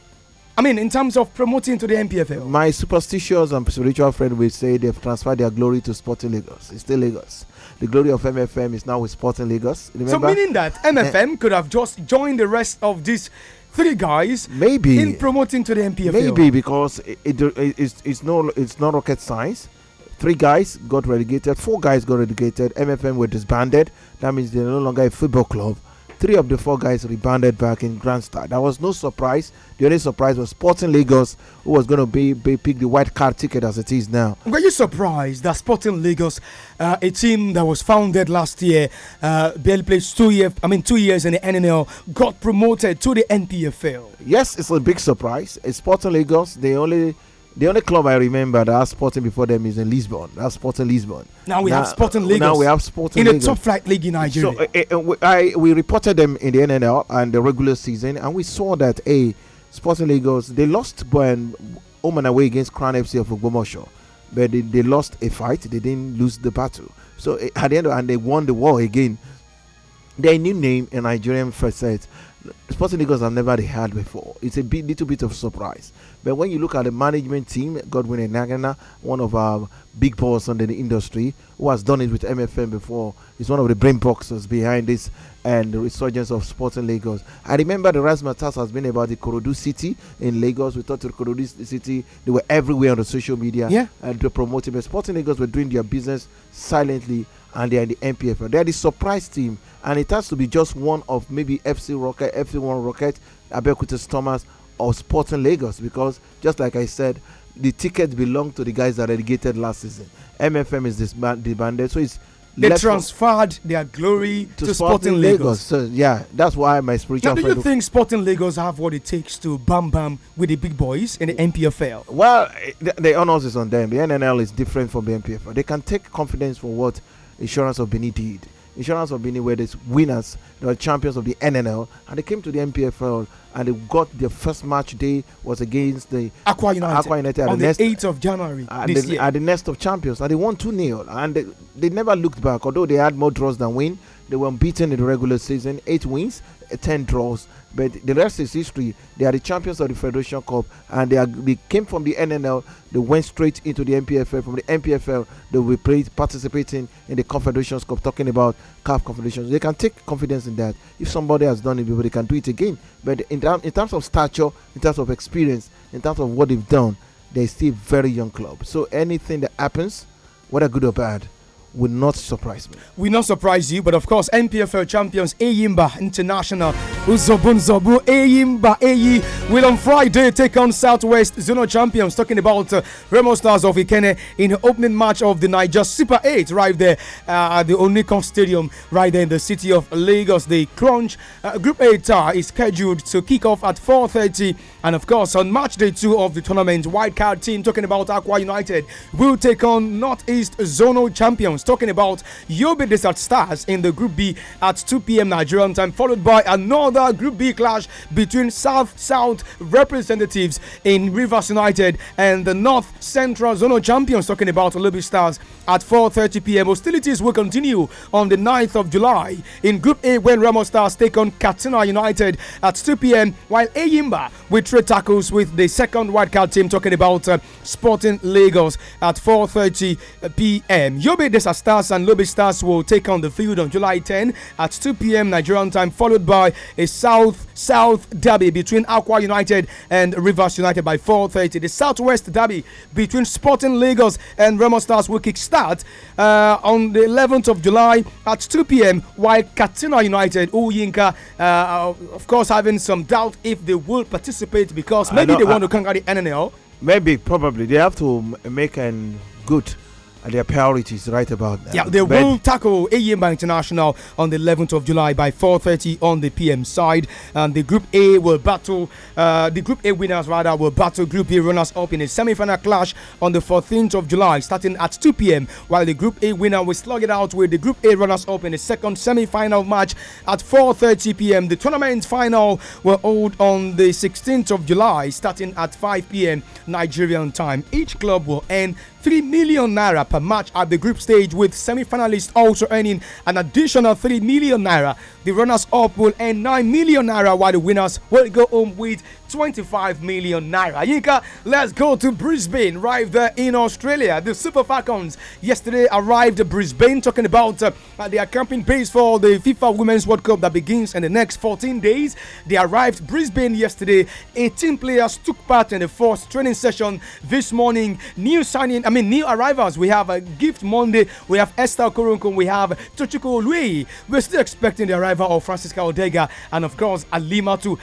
I mean, in terms of promoting to the MPFL. My superstitious and spiritual friend will say they've transferred their glory to Sporting Lagos. It's still Lagos. The glory of MFM is now with Sporting Lagos. Remember? So meaning that MFM eh. could have just joined the rest of these three guys, maybe in promoting to the MPFL. Maybe because it, it, it's it's no it's not rocket science. Three guys got relegated. Four guys got relegated. MFM were disbanded. That means they're no longer a football club three of the four guys rebounded back in Grand Star. That was no surprise. The only surprise was Sporting Lagos, who was going to be, be pick the white card ticket as it is now. Were you surprised that Sporting Lagos, uh, a team that was founded last year, uh, barely played two years, I mean two years in the NNL, got promoted to the NPFL? Yes, it's a big surprise. It's Sporting Lagos. They only the only club I remember that has Sporting before them is in Lisbon. That's Sporting Lisbon. Now we now, have Sporting Lagos. Now we have Sporting in Lagos. a top flight league in Nigeria. So, uh, uh, we, I, we reported them in the NNL and the regular season, and we saw that a hey, Sporting Lagos they lost when home and away against Crown FC of Ogbomoso, but they, they, lost a fight. They didn't lose the battle. So uh, at the end, of, and they won the war again. Their new name in Nigerian first set, Sporting Lagos I've never had before. It's a bit, little bit of surprise. But when you look at the management team, Godwin Enagana, one of our big players in the industry, who has done it with MFM before, is one of the brain boxers behind this and the resurgence of sports in Lagos. I remember the razzmatazz has been about the Korodu City in Lagos. We thought the Korodu City, they were everywhere on the social media yeah. and they were promoting. But sports in Lagos were doing their business silently and they are in the MPFL. They are the surprise team, and it has to be just one of maybe FC Rocket, FC1 Rocket, Abeokuta Thomas of Sporting Lagos because, just like I said, the tickets belong to the guys that relegated last season. MFM is disbanded, so it's they transferred their glory to, to Sporting, Sporting Lagos. Lagos. So yeah, that's why my spiritual. Now, do you think Sporting Lagos have what it takes to bam bam with the big boys in the NPFL? Well, the, the honors is on them. The NNL is different from the NPFL. They can take confidence from what Insurance of Benin did. Insurance of Benin were the winners, they were champions of the NNL, and they came to the MPFL and they got their first match day was against the Aqua United, Aqua United on the, next, 8th of January at this the, year. At the nest of champions, and they won 2 0. And they, they never looked back, although they had more draws than win. They were beaten in the regular season, eight wins, ten draws, but the rest is history. They are the champions of the Federation Cup, and they, are, they came from the NNL. They went straight into the MPFL. From the MPFL, they will be participating in the Confederations Cup. Talking about CAF Confederations, they can take confidence in that. If somebody has done it before, they can do it again. But in, in terms of stature, in terms of experience, in terms of what they've done, they're still very young club. So anything that happens, whether good or bad, will not surprise me. Will not surprise you, but of course, NPFL champions Ayimba International Uzobun Zobu Ayimba Ayi will on Friday take on Southwest Zona champions. Talking about uh, Remo Stars of Ikene in the opening match of the Niger Super 8 right there uh, at the Onikon Stadium right there in the city of Lagos. The Crunch uh, Group 8 uh, is scheduled to kick off at 4:30 and of course, on match day two of the tournament, wildcard team talking about Aqua United will take on Northeast Zonal champions. Talking about Yobe Desert Stars in the Group B at 2 p.m. Nigerian time, followed by another Group B clash between South South representatives in Rivers United and the North Central Zonal champions. Talking about Olympic Stars at 4:30 p.m. Hostilities will continue on the 9th of July in Group A when Ramos Stars take on Katina United at 2 p.m. While Ayimba will straight tackles with the second wildcard team talking about uh, Sporting Lagos at 4.30 uh, p.m. Yobe Desa Stars and Lobi Stars will take on the field on July 10 at 2 p.m. Nigerian time followed by a South South derby between Aqua United and Rivers United by 4.30. The Southwest derby between Sporting Lagos and Remo Stars will kick uh, on the 11th of July at 2 p.m. while Katina United, Uyinka, uh, of course having some doubt if they will participate it because maybe they want to conquer the NNL. Maybe, probably. They have to make an good their priorities right about that. Yeah, they will tackle AEMBA International on the 11th of July by 4:30 on the PM side, and the Group A will battle uh, the Group A winners rather will battle Group B runners-up in a semi-final clash on the 14th of July, starting at 2 p.m. While the Group A winner will slug it out with the Group A runners-up in the second semi-final match at 4:30 p.m. The tournament final will hold on the 16th of July, starting at 5 p.m. Nigerian time. Each club will end. 3 million naira per match at the group stage, with semi finalists also earning an additional 3 million naira. The runners up will earn 9 million naira, while the winners will go home with 25 million naira. Yika, let's go to Brisbane, right there in Australia. The Super Falcons yesterday arrived at Brisbane, talking about uh, their camping base for the FIFA Women's World Cup that begins in the next 14 days. They arrived Brisbane yesterday. 18 players took part in the first training session this morning. New signing, I mean, new arrivals. We have a uh, Gift Monday, we have Esther Korunkun. we have Tochiko Lui. We're still expecting the arrival of Francisca Odega and, of course, Alimatu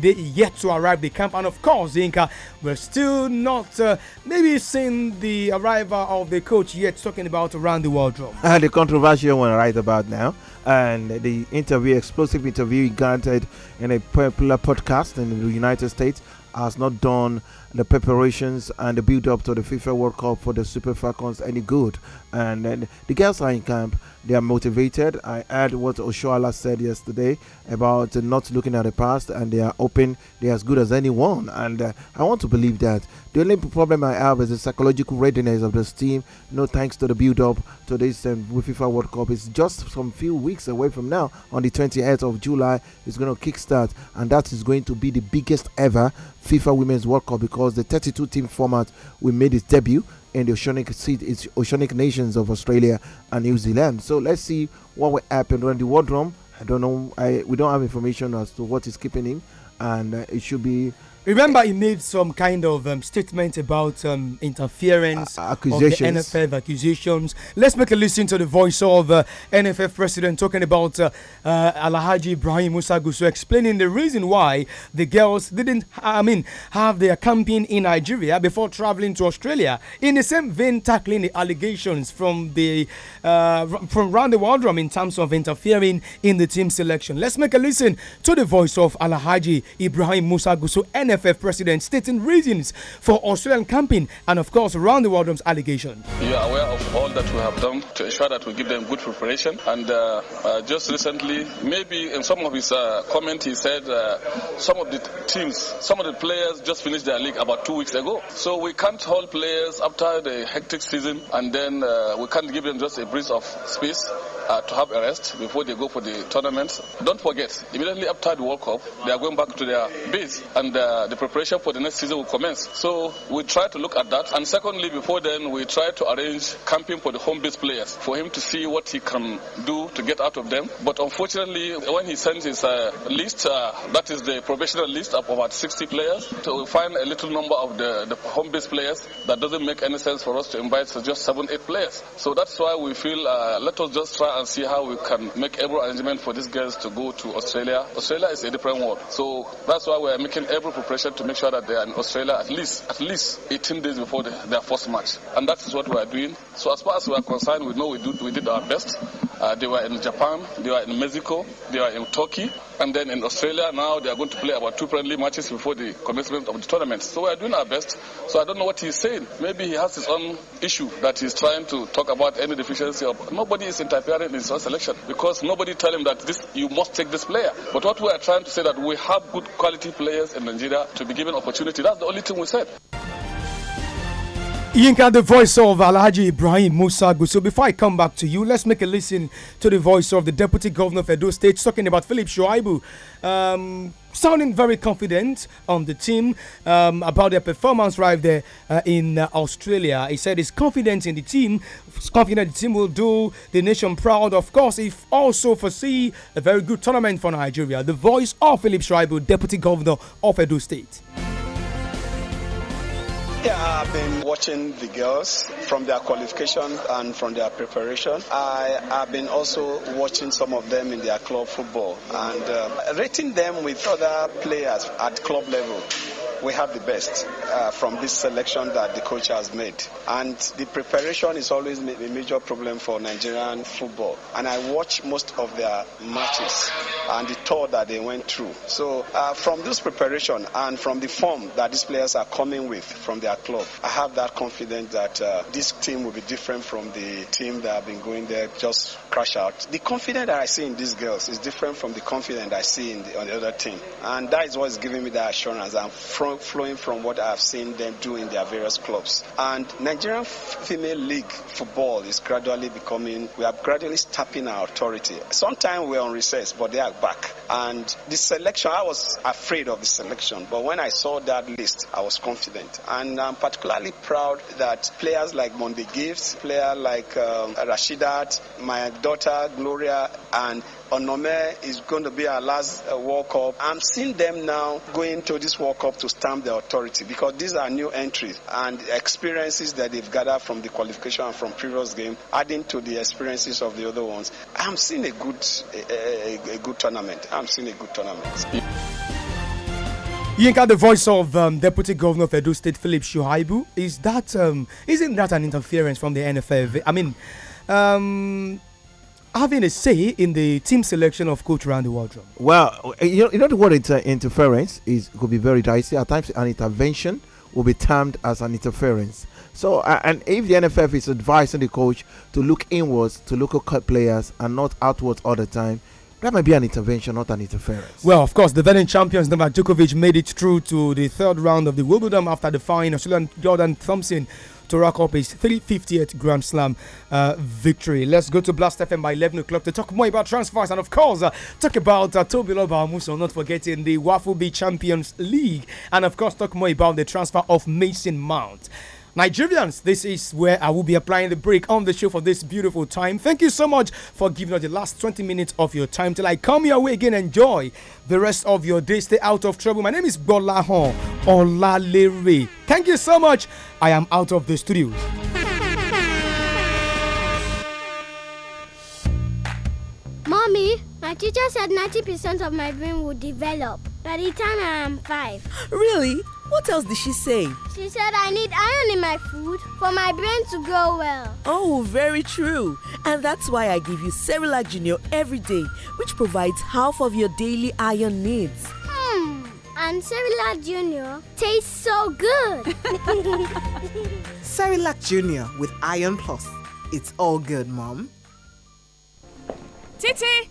they yet to arrive arrive the camp. And of course, the We're still not uh, maybe seeing the arrival of the coach yet, talking about around the wardrobe. And uh, the controversial one right about now. And the interview, explosive interview, he granted in a popular podcast in the United States, has not done the preparations and the build up to the FIFA World Cup for the Super Falcons any good? And, the girls are in camp, they are motivated. I heard what Oshoala said yesterday about not looking at the past and they are open, they're as good as anyone. And uh, I want to believe that. The only problem I have is the psychological readiness of this team. No thanks to the build up to this um, FIFA World Cup. It's just some few weeks away from now on the 28th of July. It's going to kickstart, and that is going to be the biggest ever FIFA Women's World Cup because the 32 team format will made its debut in the Oceanic seat, it's Oceanic nations of Australia and New Zealand. So let's see what will happen when the World room. I don't know. I we don't have information as to what is keeping him, and uh, it should be Remember, he made some kind of um, statement about um, interference, uh, accusations. of the NFF accusations. Let's make a listen to the voice of uh, NFF president talking about uh, uh, Ibrahim Musa Gusu explaining the reason why the girls didn't, I mean, have their campaign in Nigeria before traveling to Australia. In the same vein, tackling the allegations from the uh, from around the room in terms of interfering in the team selection. Let's make a listen to the voice of Alahaji Ibrahim Musa Gusu, NFF NFF president stating reasons for Australian camping and, of course, around the world allegation. You are aware of all that we have done to ensure that we give them good preparation. And uh, uh, just recently, maybe in some of his uh, comment, he said uh, some of the teams, some of the players just finished their league about two weeks ago. So we can't hold players after the hectic season, and then uh, we can't give them just a breeze of space uh, to have a rest before they go for the tournament. Don't forget, immediately after the World Cup, they are going back to their base and uh, the preparation for the next season will commence. So we try to look at that. And secondly, before then, we try to arrange camping for the home base players for him to see what he can do to get out of them. But unfortunately, when he sends his uh, list, uh, that is the provisional list of about 60 players, so we find a little number of the, the home base players that doesn't make any sense for us to invite just seven, eight players. So that's why we feel uh, let us just try and see how we can make every arrangement for these girls to go to Australia. Australia is a different world. So that's why we are making every preparation to make sure that they are in Australia at least at least 18 days before the, their first match. And that is what we are doing. So as far as we are concerned, we know we, do, we did our best. Uh, they were in Japan, they were in Mexico, they were in Turkey, and then in Australia. Now they are going to play about two friendly matches before the commencement of the tournament. So we are doing our best. So I don't know what he's saying. Maybe he has his own issue that he's trying to talk about any deficiency of. Nobody is interfering in his own selection because nobody tell him that this you must take this player. But what we are trying to say that we have good quality players in Nigeria to be given opportunity. That's the only thing we said. Yinka, the voice of Alhaji Ibrahim Musa So Before I come back to you, let's make a listen to the voice of the Deputy Governor of Edo State talking about Philip Shuaibu. Um, sounding very confident on the team um, about their performance right there uh, in uh, Australia. He said he's confident in the team, he's confident the team will do the nation proud. Of course, he also foresee a very good tournament for Nigeria. The voice of Philip Shuaibu, Deputy Governor of Edo State. Yeah, I've been watching the girls from their qualification and from their preparation. I have been also watching some of them in their club football and uh, rating them with other players at club level we have the best uh, from this selection that the coach has made. And the preparation is always a major problem for Nigerian football. And I watched most of their matches and the tour that they went through. So uh, from this preparation and from the form that these players are coming with from their club, I have that confidence that uh, this team will be different from the team that have been going there just crash out. The confidence that I see in these girls is different from the confidence I see in the, on the other team. And that is what's giving me the assurance I'm fro- flowing from what I've seen them do in their various clubs. And Nigerian female league football is gradually becoming, we are gradually stepping our authority. Sometimes we're on recess, but they are back. And the selection, I was afraid of the selection, but when I saw that list, I was confident. And I'm particularly proud that players like Monday Gifts, player like um, Rashidat, my daughter Gloria and Onome is going to be our last uh, World Cup. I'm seeing them now going to this World Cup to stamp the authority because these are new entries and experiences that they've gathered from the qualification and from previous game, adding to the experiences of the other ones. I'm seeing a good, a, a, a good tournament. I'm seeing a good tournament. Yinka, the voice of um, Deputy Governor of Edo State, Philip Shuhaibu, is that um, not that an interference from the NFL? I mean, um, having a say in the team selection of coach Randy Waldron? Well, eh, you know, you know the word inter interference is could be very dicey at times. An intervention will be termed as an interference. So, uh, and if the NFF is advising the coach to look inwards to local players and not outwards all the time, that might be an intervention, not an interference. Well, of course, the defending champions Novak Djokovic made it through to the third round of the Wimbledon after defying Australian Jordan Thompson to rack up his 350th Grand Slam uh, victory. Let's go to Blast FM by 11 o'clock to talk more about transfers and, of course, uh, talk about uh, Toby Amuso. not forgetting the Waffle B Champions League, and, of course, talk more about the transfer of Mason Mount. Nigerians, this is where I will be applying the break on the show for this beautiful time. Thank you so much for giving us the last 20 minutes of your time till I come your way again. Enjoy the rest of your day. Stay out of trouble. My name is Bolahon Olalere. Thank you so much. I am out of the studio. Mommy, my teacher said 90% of my brain will develop. By the I am five. Really? What else did she say? She said I need iron in my food for my brain to grow well. Oh, very true. And that's why I give you Cerilac Junior every day, which provides half of your daily iron needs. Hmm. And Cerilac Junior tastes so good. Cerilac Junior with Iron Plus. It's all good, Mom. Titi!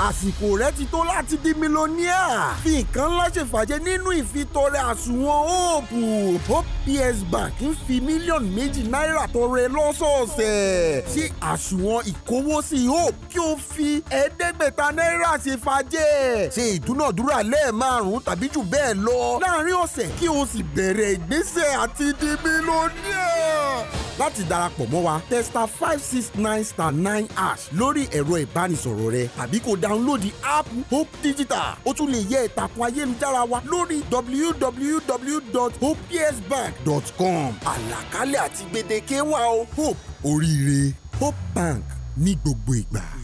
àsìkò rẹ ti tó láti di mílíọ̀nìà fi nǹkan ńlá ṣèfàjẹ nínú ìfitọrẹ àsùnwọ̀n hope hope ps bank ń fi mílíọ̀nù méjì náírà tọrẹ lọ́sọ̀ọ̀sẹ̀ sí àsùnwọ̀n ìkówósí hope kí o fi ẹ̀ẹ́dẹ́gbẹ̀ta náírà ṣèfàjẹ ṣe ìdúnàdúrà lẹ́ẹ̀márùn-ún tàbí jù bẹ́ẹ̀ lọ láàárín ọ̀sẹ̀ kí o sì bẹ̀rẹ̀ ìgbésẹ̀ àti di mílíọ̀nìà láti darapọ̀ mọ́ wa tẹ star five six nine star nine hash lórí ẹ̀rọ ìbánisọ̀rọ̀ rẹ tàbí kò dáńlódì app hope digital O tún lè yẹ ìtàkùn ayélujára wa lórí www.hopesbank.com àlàkalẹ̀ àti gbèdéke wa o hope oríire hope bank ní gbogbo ìgbà.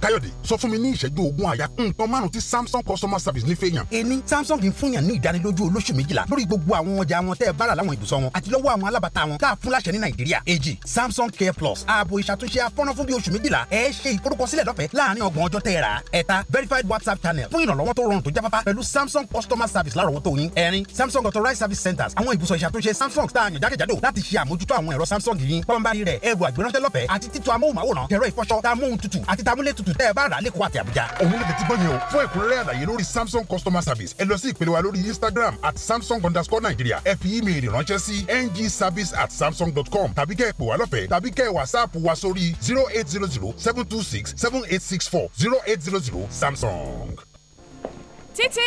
káyọ̀dé sọ fún mi ní ìṣẹ́jú ogún àyà nǹkan márùn tí samsung customer service nífẹ̀ẹ́ yàn. èmi samsung ń fún yàn ní ìdánilójú olóṣù méjìlá lórí gbogbo àwọn ọjà wọn tẹ́ ẹ bára láwọn ibùsọ̀ wọn àti lọ́wọ́ àwọn alábàtà wọn tá a fún láṣẹ ní nàìjíríà. èjì samsung care plus ààbò ìṣàtúnṣe afọ́nrán fún bí oṣù méjìlá ẹ ṣe ìforúkọsílẹ̀ lọ́fẹ̀ẹ́ láàárín ọgbọ̀n ọjọ́ tẹ́ ẹ rà. ẹ̀ta verified whatsapp channel fún ìrànlọ́wọ́ tó rọrùn tó jáfáfá pẹ̀lú samsung customer service lárọ̀wọ́tó yín. ẹ̀rin samsung authorized service centers àwọn ibùsọ̀ ìṣàtúnṣe samsung tá a yàn jákèjádò láti ṣe àmójútó àwọn ẹ̀rọ samsung yìí. pọ́nbárì rẹ̀ ẹ̀rù àgbéránṣẹ́ lọ́fẹ̀ẹ́ àti títú amóhùnmáwòrán tẹ̀rọ ìfọṣọ tamóhun tutù àti tamúlé tutù tútù tẹ́ ẹ bá rà lẹ́kọ̀ọ́ àti àbújá. òun lè ti gbọ́ yẹn o fún ẹ̀kúnrẹ́rẹ́ àlàyé lórí samsung customer service ẹ lọ sí ìpele wa lórí instagram at samsung underscore nigeria ẹ fi ímeèlì ránṣẹ́ sí ngservice at samsung dot com tàbí kẹ́ ẹ pè wá lọ́fẹ̀ẹ́ tàbí kẹ́ ẹ wàsáàpù wa sórí zero eight zero zero seven two six seven eight six four zero eight zero zero samsung. títí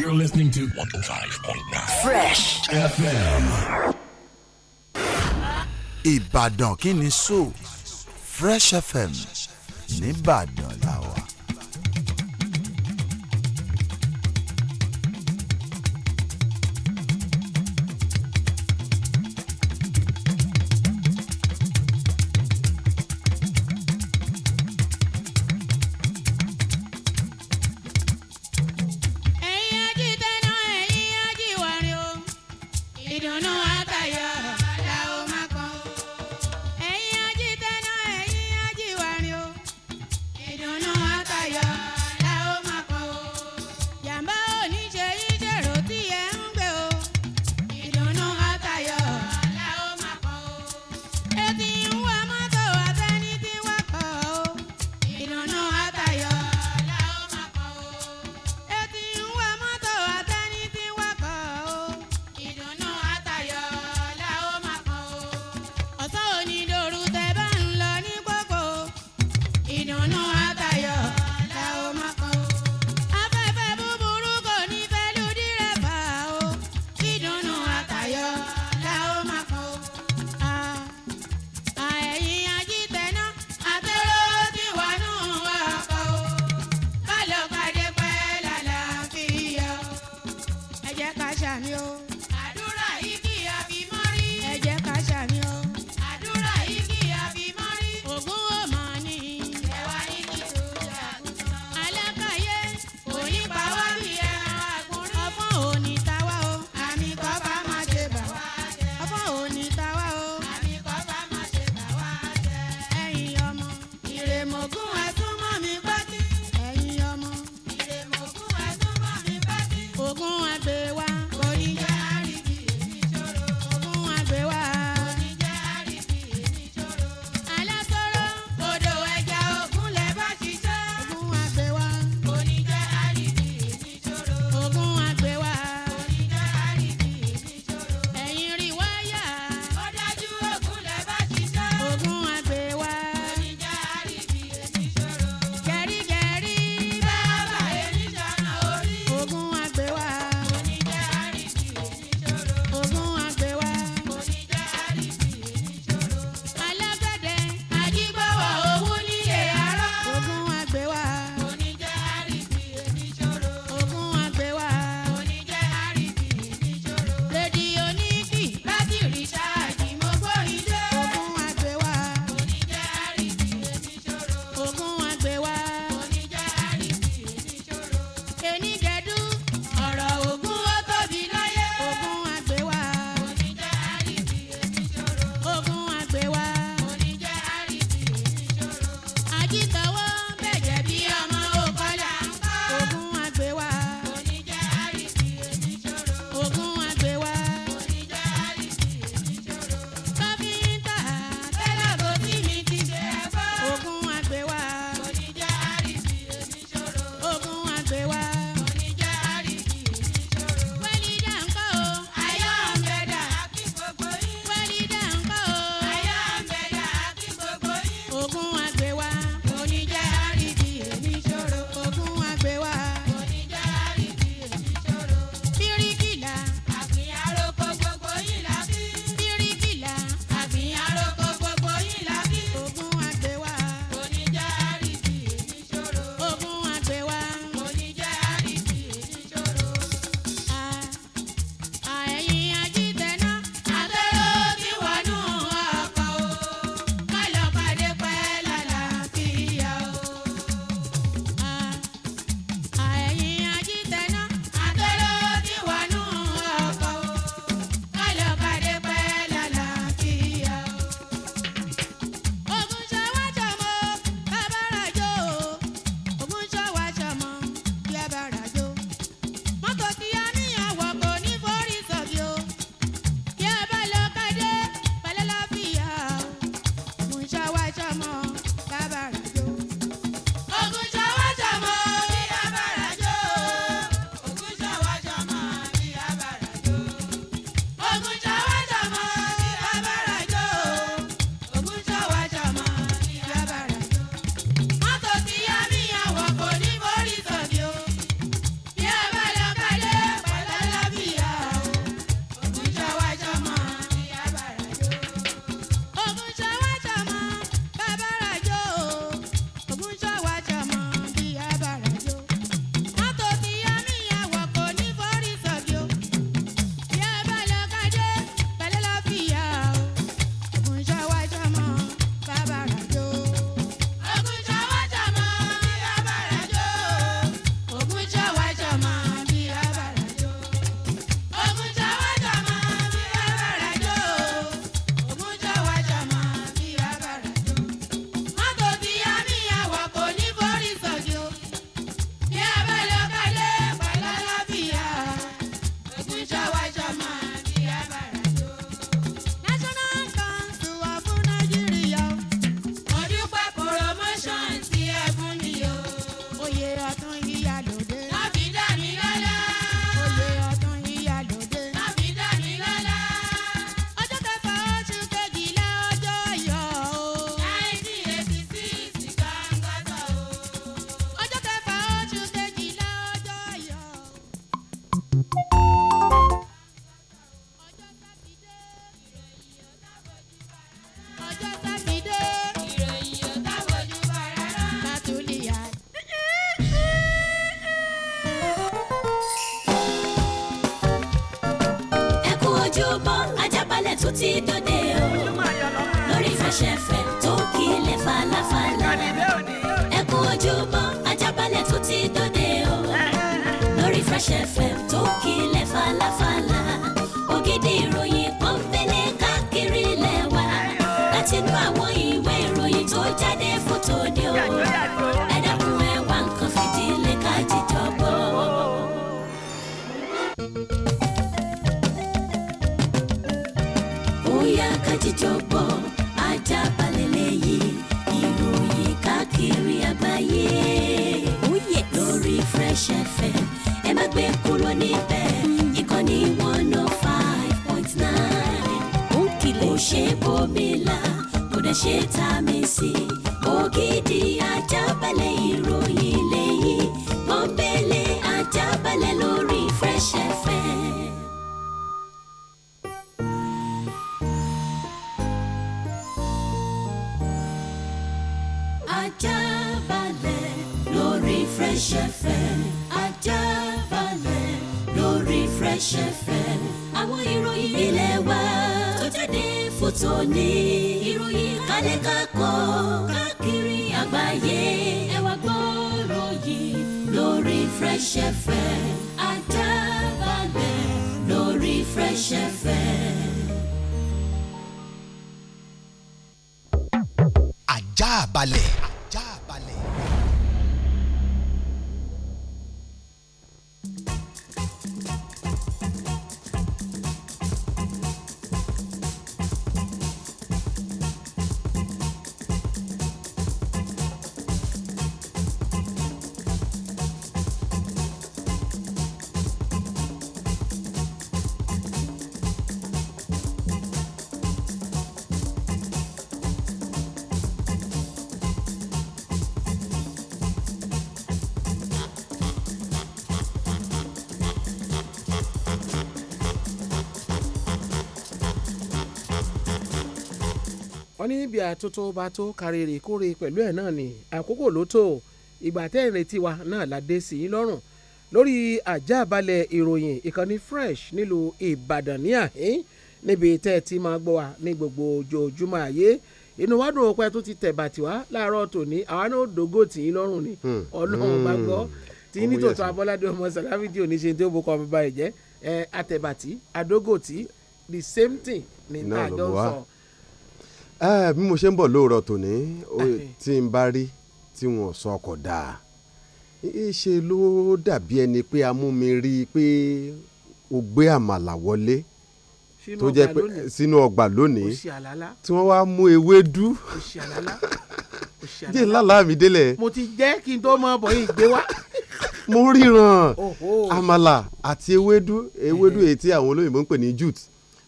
You're listening to 105.9 Fresh FM. Ìbàdàn kí sọ Fresh FM nìbàdàn làwà. wọ́n ní ibi àtúntò bá tó kárí rè kórè pẹ̀lú ẹ̀ náà ni àkókò ló tó ìgbà tẹ́ ìrètí wa náà la dé sí i lọ́rùn lórí àjà balẹ̀ ìròyìn ìkànnì fresh nílùú ìbàdàn ní àhín níbi tẹ́ ẹ ti máa gbọ́ wa ní gbogbo ojoojúmọ́ ayé inú wa dùn ó pẹ́ tó ti tẹ̀bà tiwa láàárọ̀ tòní àwa náà dògó tì í lọ́rùn ni hmm. ọlọ́run bá gbọ́ tí nítòtò abọ́ládé ọmọ sàlámìdì òní ṣe tí ó ọmọ báyìí jẹ́ àtẹ̀bàtì àdógòtì the same thing ní tá a jọ sọ. Ẹ́ bí mo ṣe ń bọ̀ lóòrọ̀ tòní eh. tí n bá rí tí wọn ò sọ ọkọ̀ dà, ṣe ló dàbí ẹni pé a mú mi rí i pé o gbé àmàlà wọlé tó jẹ́ pé sínú ọgbà lónìí tí wọ́n wá mú ewédú jẹ́ lálàá mi délẹ̀. mo ti jẹ́ kí n tó mọ bọ̀ yìí gbé wá. mo ríran àmàlà àti ewédú ewédú èyí tí àwọn olóyìnbó ń pè ní jute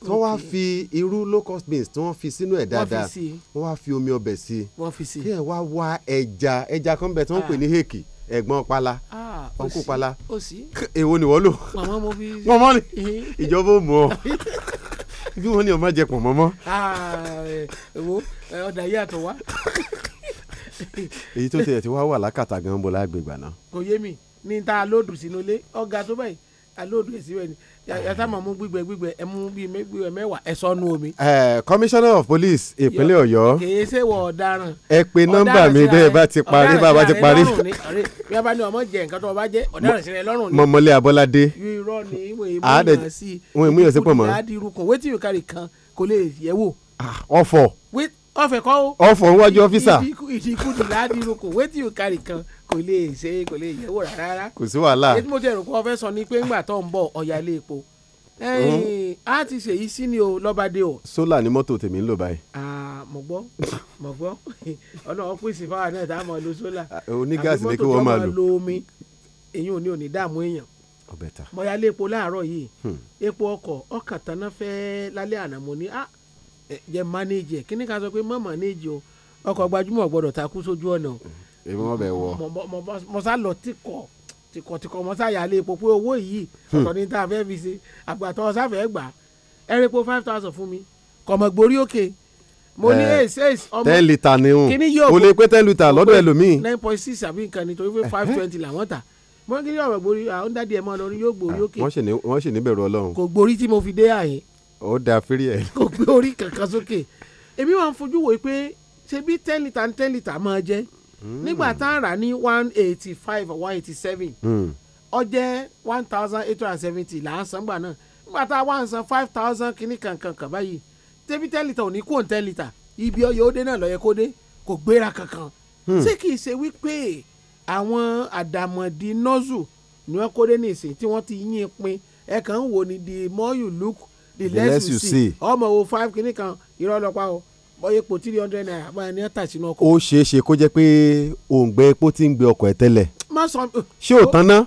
tí wọ́n wá fi irú low cost beans tí wọ́n fi sínú ẹ̀ dáadáa wọ́n wá fi omi ọbẹ̀ sí i kí ẹ wá wá ẹja ẹja kan bẹ̀ tí wọ́n pè ah. ní hèkì ẹ̀gbọ́n pala ah, ọkùn pala èwo ni wọ́n lò pọ̀nmọ́ ni ìjọba ò mọ̀ ọ́ bí wọ́n ní ọmọ jẹ pọ̀nmọ́ mọ́. Ah, ọ̀dà yìí àtọ̀ wá. èyí tó tẹ̀yẹ̀ tí wàá wà lákàtà gan-an bọ̀ lágbègbè náà. kò yé mi ní ta lóòdù sínú ilé ọ̀gá tó báyìí alóòdù ẹ̀ síbẹ̀ ni yàtá mọ̀ mú gbígbẹ gbígbẹ ẹ mú bíi gbígbẹ mẹ́wàá ẹ sọ́nù omi. commissioner of police ìpínlẹ̀ ọ̀yọ́. kèé ṣe wọ ọ̀daràn. ẹ pe nọ́mbà mi bẹ́ẹ̀ bá ti parí bá bá ti parí. bí a bá ní ọmọ jẹ nǹkan tó o bá jẹ ọ̀daràn sí rẹ lọ́rùn ni. mọ̀mọ́lé abọ́ládé. irọ́ ni ìwé ìmúyàn sí. ìwé ìmúyàn sí pọ̀ mọ́. wetin you carry kan kò lè yẹ wò. Ah, ọ̀fọ̀. ọ̀fẹ̀ kọ́ o. ọ̀fọ̀ níwájú ọ́fíìsà. ìdíkùdì ládìrúkọ wetin you carry kan kò lè ṣe kò lè yẹ̀wò rárá. kò sí wàhálà. èyí tí mo ti rò pé o fẹ́ sọ ni pé ńgbà tó ń bọ̀ ọ̀yà ilé epo a ti ṣèyí sí ni o lọ́bàdé o. sólà ni mọ́tò tèmi ń lò báyìí. mo gbọ́ mo gbọ́ ọlọ́run pèsè fáwọn náà tá a máa lo sólà. onígáàsì ni kí wọ́n máa lò. àbí mọ́tò tó máa lo omi èyí ò ní ò dààmú èèyàn ọbẹ̀ta. mo ya lé epo láàárọ̀ yìí hmm. epo ọkọ̀ ọkàn tán náà fẹ́ lálẹ́ àná mo ní a ah, jẹ́ o ọkọ̀ gbajúmọ̀ gbọ́dọ̀ takú sójú èmi wọn bẹ wọ. mo sá lọ tìkọ̀ tìkọ̀tìkọ̀ mo sá yàlé epo pé owó yìí hmm. ọ̀tọ̀ ní tá a fẹ́ fi ṣe àgbàtọ́ sáfẹ́ gbà ẹ̀rẹ́pọ̀ five thousand fún mi kọ̀mọ̀gbórí òkè mo ní ace eh, ace ọmọ ten litre ni o o lè pé ten litre lọ́dọ̀ ẹlòmíì. nine point six àbí nǹkan ni torí pé eh, five eh. twenty làwọn tà mo ní ọ̀rọ̀ gborí àwọn ah, dádì ẹ̀ mọ́ lọ ní yóò gborí ah, òkè. wọ́n sì ní bẹ̀rù ọlọ́run. kò gborí tí mo fi dé àyè. ó da fírí ẹ̀. kò gbé kankan sókè èmi máa fojú wò pé ṣebí ten litre ten litre máa jẹ́ Mm. nígbà tá a rà ní one eighty five or one eighty seven mm. ó one thousand eight hundred and seventy là ń san gbà náà nígbà tá a wá ń san five thousand kìíní kankankan báyìí tẹ́bí tẹ́lítà ò ní kó tẹ́lítà ibi ọyọ ó dé náà lọ́yẹ kó dé kò gbéra kankan hmm. ṣé kìí ṣe wípé àwọn àdàmọ̀dì nọ́ọ̀sù ni wọ́n kó dé ní ìsìn tí wọ́n ti yín pin ẹ kàn ń wò ní the more you look the less you see ọmọ wo five kìíní kan irọ́ lọ́pàá o bọ́yá epo three hundred naira báyà ní ẹ̀ta sínú ọkọ̀. ó ṣeé ṣe kó jẹ́ pé òǹgbẹ epo ti ń gbé ọkọ̀ ẹ̀ tẹ́lẹ̀. má sọ uh, ṣé ò tán náà.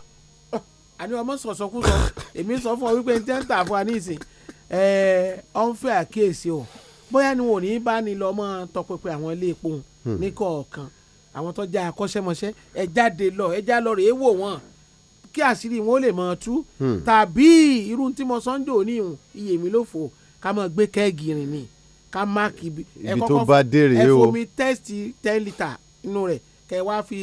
Ah, àní ọmọ sọ̀sọ̀kúsọ èmi sọ fún ọ wípé ní tẹ́ńtà fún wa ní ìsìn àkíyèsí o bóyá ni wọn ò ní bá ní lọ mọ́ tọpinpin àwọn ilé epo hmm. ní kọ̀ọ̀kan àwọn tó já akọ́ṣẹ́mọṣẹ́ ẹ jáde lọ ẹ já lọ rèé wò wọ́n kí àṣírí wọn ó lè mọ̀ ọ́ tú hmm. tàbí irú tí mo sọ́njò ní ìhùn iyèmí ló fò ká mọ̀ gbé kẹ́ẹ̀gì ni. Hmm ká máàkì ibi tó bá dèrè yìí o ẹ fomi tẹ́sítì ten litre inú rẹ̀ kẹ wá fi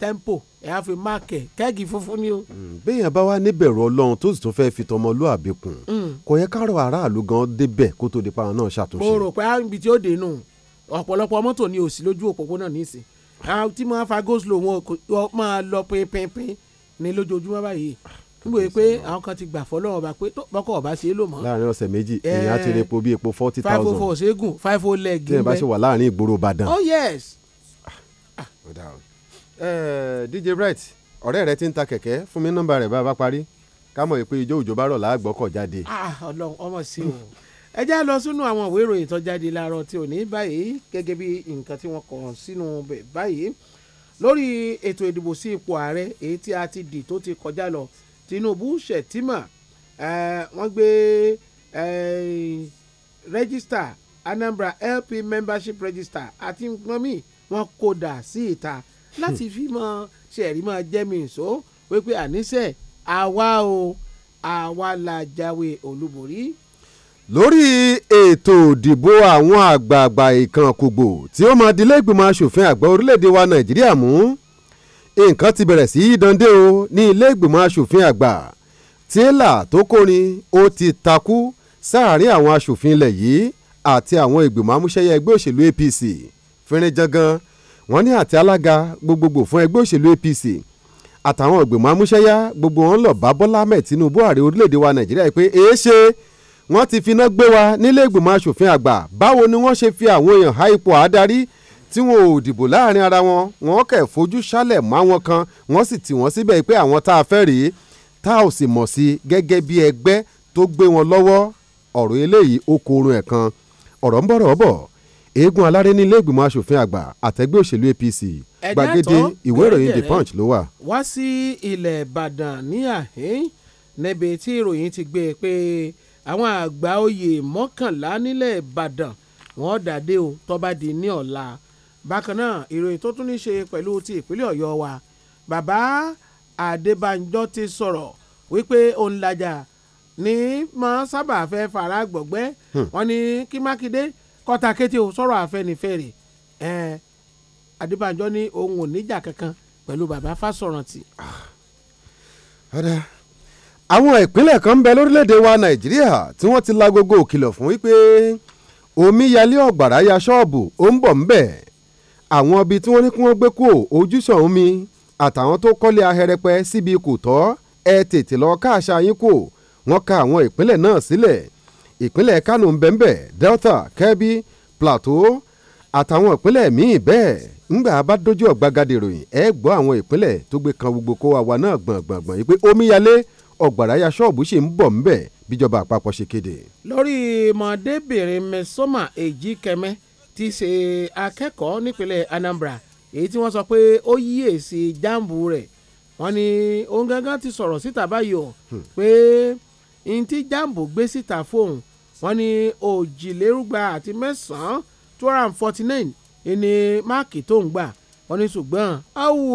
tẹ́ḿpò ẹ á fi máàkì ẹ̀ kẹ́ẹ̀gì funfun ni o. Mm, béèyàn bá wá níbẹ̀rù ọlọ́run tó sì tún fẹ́ fi tọmọlúàbí kùn mm. kò yẹ káàrọ̀ aráàlú gan débẹ̀ kó tó di pa àwọn náà ṣàtúnṣe. mo rò pé ibi tí ó dé nù ọ̀pọ̀lọpọ̀ mọ́tò ni òsì lójú òpópónà nísìn àwọn tí wọ́n fa go slow wọn máa lọ pinpin ní lójoojúmọ́ báyìí níbo yìí pé àwọn kan ti gbà fọlọ́ ọba pé tó bọ́kọ̀ ọba ṣe é lò mọ́. láàrin ọ̀sẹ̀ méjì èèyàn ti repo bí epo forty thousand. five oh four ṣẹ́gun five oh leg. tí ẹ bá ṣe wà láàrin ìgboro Ìbàdàn. oh yes. Ah, DJ Bright ọ̀rẹ́ rẹ ti ń ta kẹ̀kẹ́ fún mi nọ́mbà rẹ̀ bá a bá parí ká mọ̀ pé ijó òjò bá rọ̀ láàgbọ́kọ̀ jáde. Ah, Ọlọ́run ọmọ sí o ẹ já lọ sínú àwọn ìwé ìròyìn tó jáde láàárọ̀ tí ò ní báyìí gẹ́gẹ́ bí nǹkan tí wọ́n kọ sínú báyìí lórí ètò ìdìbò sí ipò ààrẹ èyí tí a ti dì tó ti kọjá lọ Tinubu Shettima wọ́n gbé rẹ́gísítà Anambra LP membership register àti nǹkan míì wọ́n kó dà sí ìta láti hmm. fi mọ ṣẹ̀rí máa jẹ́ mi ìṣó wípé àníṣe àwa o àwa la jáwé olúborí lórí ètò ìdìbò àwọn àgbààgbà ìkànkùgbò tí ó máa dilé ìgbìmọ̀ asòfin àgbà orílẹ̀-èdè wa nàìjíríà mú nǹkan ti bẹ̀rẹ̀ sí í dande o ní ilé ìgbìmọ̀ asòfin àgbà tẹ́lá tó kórin ó ti takú sáàrin àwọn asòfin ilẹ̀ yìí àti àwọn ìgbìmọ̀ amúṣẹ́yẹ ẹgbẹ́ òṣèlú APC fínrin jangan wọ́n ní àti alága gbogbogbò fún ẹgbẹ́ òṣèlú APC àtàwọn ìgbìmọ̀ amúṣẹ́yá gbogbo wọn lọ bá Bọ́lá Ahmed Tinubu ààrẹ orílẹ̀‐èdè wa Nàìjíríà pé èé ṣe wọ́n ti finá gbé wa nílé ìgbìmọ̀ asòfin àgbà báwo ni wọ́n ṣe fi àwọn èèyàn há ipò tí wọn ò dìbò láàrin ara wọn wọn kẹ̀ fojú sálẹ̀ mọ́ àwọn kan wọ́n sì tì wọ́n síbẹ̀ pé àwọn tá a fẹ́ rèé tá ò sì mọ̀ sí gẹ́gẹ́ bí ẹgbẹ́ tó gbé wọn lọ́wọ́ ọ̀rọ̀ eléyìí ó korun ẹ̀ kan ọ̀rọ̀ ń bọ̀rọ̀ bọ̀ eégún aláré ní ilé ìgbìmọ̀ asòfin àgbà àtẹ̀gbẹ́ òṣèlú APC gbàgede ìwé ìròyìn The Punch ló wà. wá sí ilẹ̀ Ìbàdàn ní àhín níbi tí ìròyìn ti gbé e pé àwọn àgbà oyè mọ́kànlá nílẹ̀ Ìbàdàn wọ́n dàdé o tó bá di ní ọ̀la bákan náà ìròyìn tó tún ní ṣe pẹ̀lú ti ìpínlẹ̀ ọ̀yọ́ wa bàbá adébánjọ ti sọ̀rọ̀ wípé òun lajà ní máa sábà fẹ́ fara gbọ̀gbẹ́ hmm. wọn ni kí mákindé kọ́ta kété o sọ̀rọ̀ àfẹnifẹ́re ẹ̀ẹ́n adébánjọ ní òun ò níjà kankan pẹ̀lú bàbá fásọ̀rántì. Ah. àwọn ìpínlẹ̀ kan ń bẹ lórílẹ̀‐èdè wa nàìjíríà tí wọ́n ti la gbogbo òkìlọ̀ fún wípé omíyalé ọ̀gbàrá ya ṣọ́ọ̀bù ó ń bọ̀ ń bẹ̀ẹ́ àwọn ibi tí wọ́n ní kí wọ́n gbé kúrò ojúṣàn omi àtàwọn tó kọ́lé ahẹrẹpẹ síbi kò tọ́ ẹ tètè lọ káàṣà yín kò wọ́n ka àwọn ìpínlẹ̀ náà sílẹ̀ ìpínlẹ̀ Kano mbẹ́mbẹ́ Delta Kebbi Plateau àtàwọn ìpínlẹ̀ míì bẹ́ẹ̀ ńgbà bá dójú ọ̀gbagadè ìròyìn ẹ gbọ́ àwọn ìpínlẹ̀ tó gbé kan gbogbo kó àwa náà gbọ̀ngbọ̀ngbọ̀n yìí pé omíyalé ọ̀gbàrá ya ṣọ́ọ̀bù ṣì ń bọ̀ ńbẹ̀ bíjọba àpapọ̀ ṣe kéde. lórí mọ̀ọ́débìnrin Mesoma Ejikeme ti ṣe akẹ́kọ̀ọ́ nípínlẹ̀ Anambra èyí tí wọ́n sọ pé ó yí èsì jáàmù rẹ̀ wọ́n ní òun gangan ti sọ̀rọ̀ síta báyìí o hmm. pé n ti jáàmù gbé síta fóun wọ́n ní òjìlérúgba àti mẹ́sàn-án two hundred and forty nine ní máàkì tó ń gbà wọ́n ní ṣùgbọ́n awò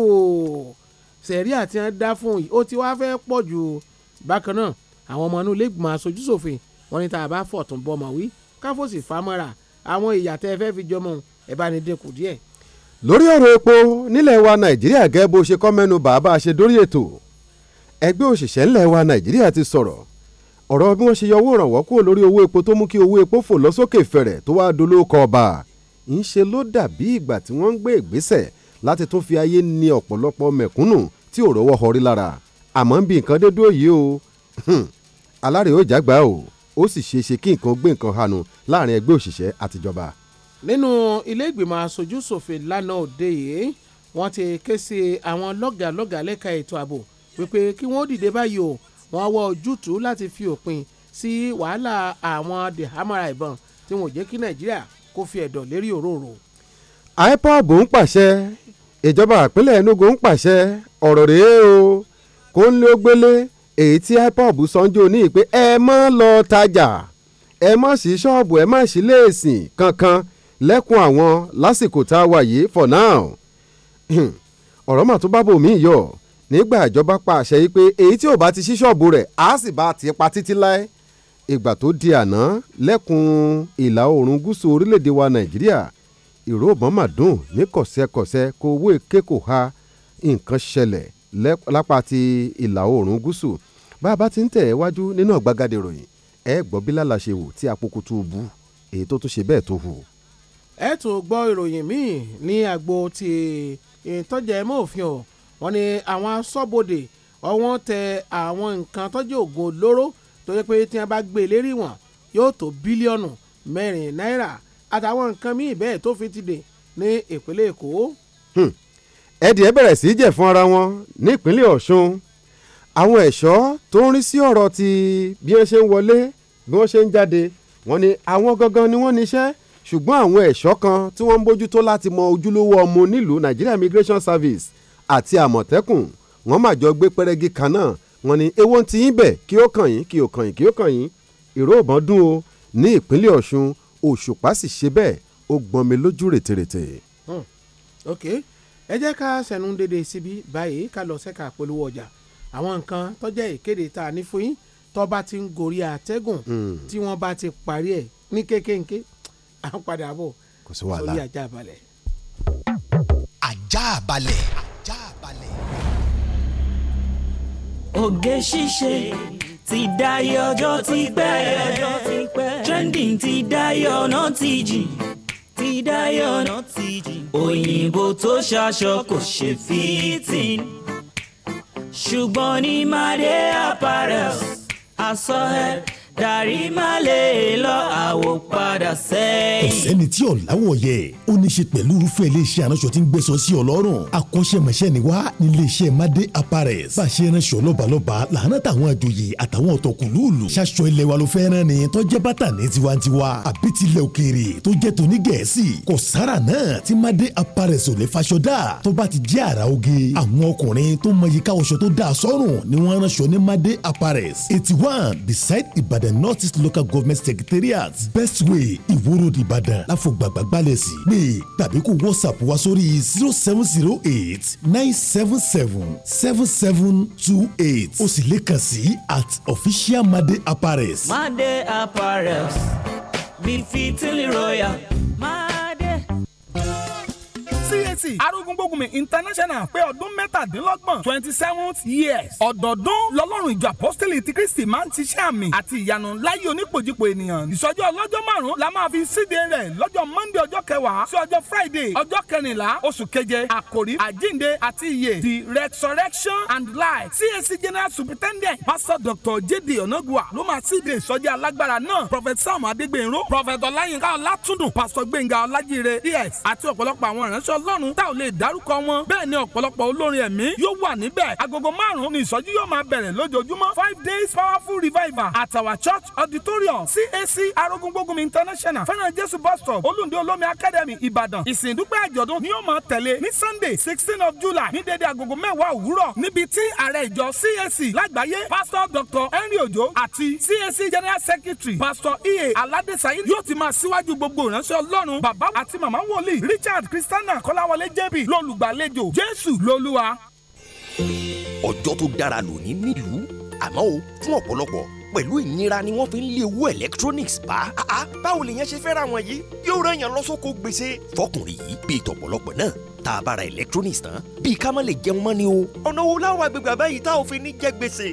sẹ̀rí àti hàn dá fún yìí ó ti wá fẹ́ pọ̀ jù bákan náà àwọn ọmọ inú ilé ìgbìmọ̀ aṣojú ṣòfin wọ́n ní tá a bá fọ̀tún bọ́mọ wí káfọ́sì fámọ́ra àwọn ìyà tẹ́ ẹ fẹ́ fi jọmọ ẹ bá ní dínkù díẹ̀. lórí ọ̀rọ̀ epo nílẹ̀ wa nàìjíríà gẹ́gẹ́ bó ṣe kọ́ mẹ́nu bàbá ṣe dórí ètò ẹgbẹ́ òṣìṣẹ́ ńlẹ̀ wa nàìjíríà ti sọ̀rọ̀ ọ̀rọ̀ bí wọ́n ṣe yọ owó ìrànwọ́ kúrò lórí owó epo tó mú kí owó epo fò lọ sókè fẹ̀rẹ̀ tó wá dolóko ọba ń ṣe ló dàbí ìgbà tí wọ́n ń gbé ìgbésẹ̀ láti tún fi ayé ní ọ̀pọ̀lọpọ̀ mẹ̀kúnnù tí ò rówó họrí lára àmọ́ ń bi nǹkan dé dúró o alárè ó jágbá o ó sì ṣeé ṣe kí nǹkan gbé nǹkan hànú láàrin ẹgbẹ́ òṣìṣẹ́ àtijọba. nínú ilé ìgbìmọ̀ aṣojú ṣòfin lánàá òde yìí wọ́n ti ké sí àwọn lọ́gàlọ́gà lẹ́ka ètò ààbò wípé kí wọ́n dìde báyìí o wọ́n wá ojútùú láti fi òpin sí wàhálà àwọn dèhámàrà ìbọn tí wọ́n jẹ́ kí nàìjíríà kó fi ẹ̀dọ̀ lérí òróró. ipob ń pàṣẹ ìjọba ìpínlẹ̀ enugu ń pàṣẹ ọ̀rọ̀ rèé o kó ń lé ó gbélé èyí tí ipob sanjó ní pé ẹ mọ́ lọ tajà ẹ mọ́ sí ṣọ́ọ̀bù ẹ mọ́ sí léèsìn kankan lẹ́kùn àwọn lásìkò tá a wà yìí for now ọ̀rọ̀ mà tó bá bò mí yọ nígbà ìjọba pa àṣẹ yìí pé èyí tí ò bá ti ṣí ṣọ́ọ̀bù rẹ̀ á sì bá ti pa títí láé ìgbà tó di àná lẹ́kùn ìlà oòrùn gúúsù orílẹ̀-èdè wa nàìjíríà ìró ọ̀bọ̀n mà dùn ní kọ̀sẹ́kọ̀sẹ́ kó owó èké ha nǹkan ṣẹlẹ̀ lápá ti ìlà oòrùn gúúsù bá a bá ti ń tẹ̀ ẹ́ wájú nínú àgbàgàdé ìròyìn ẹ gbọ́ bí lálà wò tí apokutu bu èyí tó tún ṣe bẹ́ẹ̀ tó hù. ẹ tó gbọ́ ìròyìn míì ní àgbo ti ìtọ́jẹ́ mọ́òfin o wọ́n ní àwọn aṣọ́bodè ọwọ́n tẹ àwọn nǹkan tọ́jú oògùn olóró tó yẹ pé tí wọ́n bá gbé e lérí wọn yóò tó bílíọ̀nù mẹ́rin náírà àtàwọn nǹkan míì bẹ́ẹ̀ tó fi ti dè ní ìpínlẹ̀ èkó. Hmm. ẹ̀dì ẹ bẹ̀rẹ̀ sí í jẹ̀ fún ara wọn nípínlẹ̀ ọ̀ṣun àwọn ẹ̀ṣọ́ tó ń rí sí ọ̀rọ̀ ti bí wọ́n ṣe ń wọlé bí wọ́n ṣe ń jáde wọ́n ní àwọn gangan ni wọ́n níṣẹ́ ṣùgbọ́n àwọn ẹ̀ṣọ́ kan tí wọ́n ń bójútó láti mọ ojúlówó ọmọ onílùú Nigeria Immigration Service àti àmọ̀tẹ́kùn wọ́n mà jọ gbé pẹ́rẹ́gì kan náà wọ́n ní ewo ń ti yín bẹ̀ kí ó kàn yín kí ó kàn yín kí ó kàn yín ìró ìbọn dún o ní ìpínlẹ̀ Ọ̀ṣun Òṣùpá sì ṣe bẹ́ẹ̀ ó gbọ́n mi lójú rètèrètè. Hmm. ok ẹ jẹ́ ká sẹ̀nu dédé síbí báyìí ká lọ sẹ́ka polówó ọjà àwọn nǹkan tó ìkéde tá ní fún yín tó ti ń gorí àtẹ́gùn hmm. tí wọ́n bá ti parí ẹ̀ ní kékèké à ń padà bọ̀ sórí ajá balẹ̀. ajá balẹ̀. oge ṣíṣe ti dayé ọjọ́ ti pẹ́ trending ti dayé ọ̀nà ti jìn ti dayé ọ̀nà ti jìn òyìnbó tó ṣaṣọ kò ṣe fìtìn Chubón y marea para. A su darí má lè lọ àwò padà sẹ́yìn. kò sẹ́ni tí ọ̀làwọ̀yẹ ó ní ṣe pẹ̀lú irúfẹ́ iléeṣẹ́ aránṣọ tí ń gbẹ́sọ sí ọlọ́run akọ́ṣẹ́mọṣẹ́ ni wá ní iléeṣẹ́ madé apparels bá a ṣe ránṣọ lọ́balọ́ba làánà táwọn àjòyè àtàwọn ọ̀tọ̀kùlúùlù ṣaṣọ ilẹ̀ wa ló fẹ́ rán ni tó jẹ́ bàtà ní tiwantiwa àbí tilẹ̀ òkèèrè tó jẹ́ tóní gẹ̀ẹ́sì kò sára náà tí madé apparels ò lè faṣọ dá tó bá ti jẹ́ àrà oge àwọn ọkùnrin tó mọyì the north local government secretariat best way ìwó di ìbàdàn láfọ̀gbàgbà gbalẹ̀ sí pé tàbí kó whatsapp wá sórí zero seven zero eight nine seven seven seven seven two eight o sì lè kàn sí at official made apparels. made apparels bí fitili royal made community arúgbógunmi international pé ọdún mẹ́tàdínlọ́gbọ̀n twenty seventh years ọ̀dọ̀ọdún lọ́lọ́run ìjọ apostoli ti kristi máa ń ṣiṣẹ́ àmì àti ìyanu láyé onípojúpo ènìyàn ìsọjí ọlọ́jọ́ márùn-ún la máa fi síde rẹ̀ lọ́jọ́ monday ọjọ́ kẹwàá sí ọjọ́ friday ọjọ́ kẹrìnlá oṣù keje àkòrí àjínde àti ìyè the resurrection and life CAC general superintendent pastor dr jd onagua ló máa síde ìsọjí alágbára náà prophet sam adégbènró prophet ọláyínká ọlátúndùn pastor gbẹ̀ngà ọlájíire ds àti ọ̀pọ̀lọpọ̀ àwọn ìránṣẹ́ ọlọ́run márùn-ún tá ò lè dárúkọ wọn bẹ́ẹ̀ ni ọ̀pọ̀lọpọ̀ olórin ẹ̀mí yóò wà níbẹ̀ agogo márùn-ún ni ìsọjí yóò máa bẹ̀rẹ̀ lójoojúmọ́ five days powerful revival at our church auditorium CAC arógúngbógunmi international fẹ́ràn jésù bus stop olùdó olómi academy ìbàdàn ìsìn ìdúpẹ́ àjọ̀dún ni yóò máa tẹ̀lé ní sunday sixteen of july ní dédé agogo mẹ́wàá òwúrọ̀ níbi tí ààrẹ ìjọ CAC lágbàáyé pastor dr henry ojo àti CAC general secretary pastor ea aladesayin yóò ti máa síwájú gbogbo ìránṣẹ́ ọlọ́run bàbá àti màmá wòlíì richard christiana kọ́láwọlé Adéwọlé JB lọ́lùgbàlejò Jésù lolúwa. ọjọ́ tó dára lónìí nílùú àmọ́ o fún ọ̀pọ̀lọpọ̀ pẹ̀lú ìnira ni wọ́n fi ń lé owó electronics bá. báwo lèyàn ṣe fẹ́ ra wọn yìí yóò rán yàn lọ́sọ́kò gbèsè. fọkùnrin yìí bíi tọ̀pọ̀lọpọ̀ náà tá a bá electronics tán bíi ká má lè jẹun mọ́ ni o. ọ̀nà wo láwọn agbègbè àbáyìí tá ò fi ní jẹ gbèsè.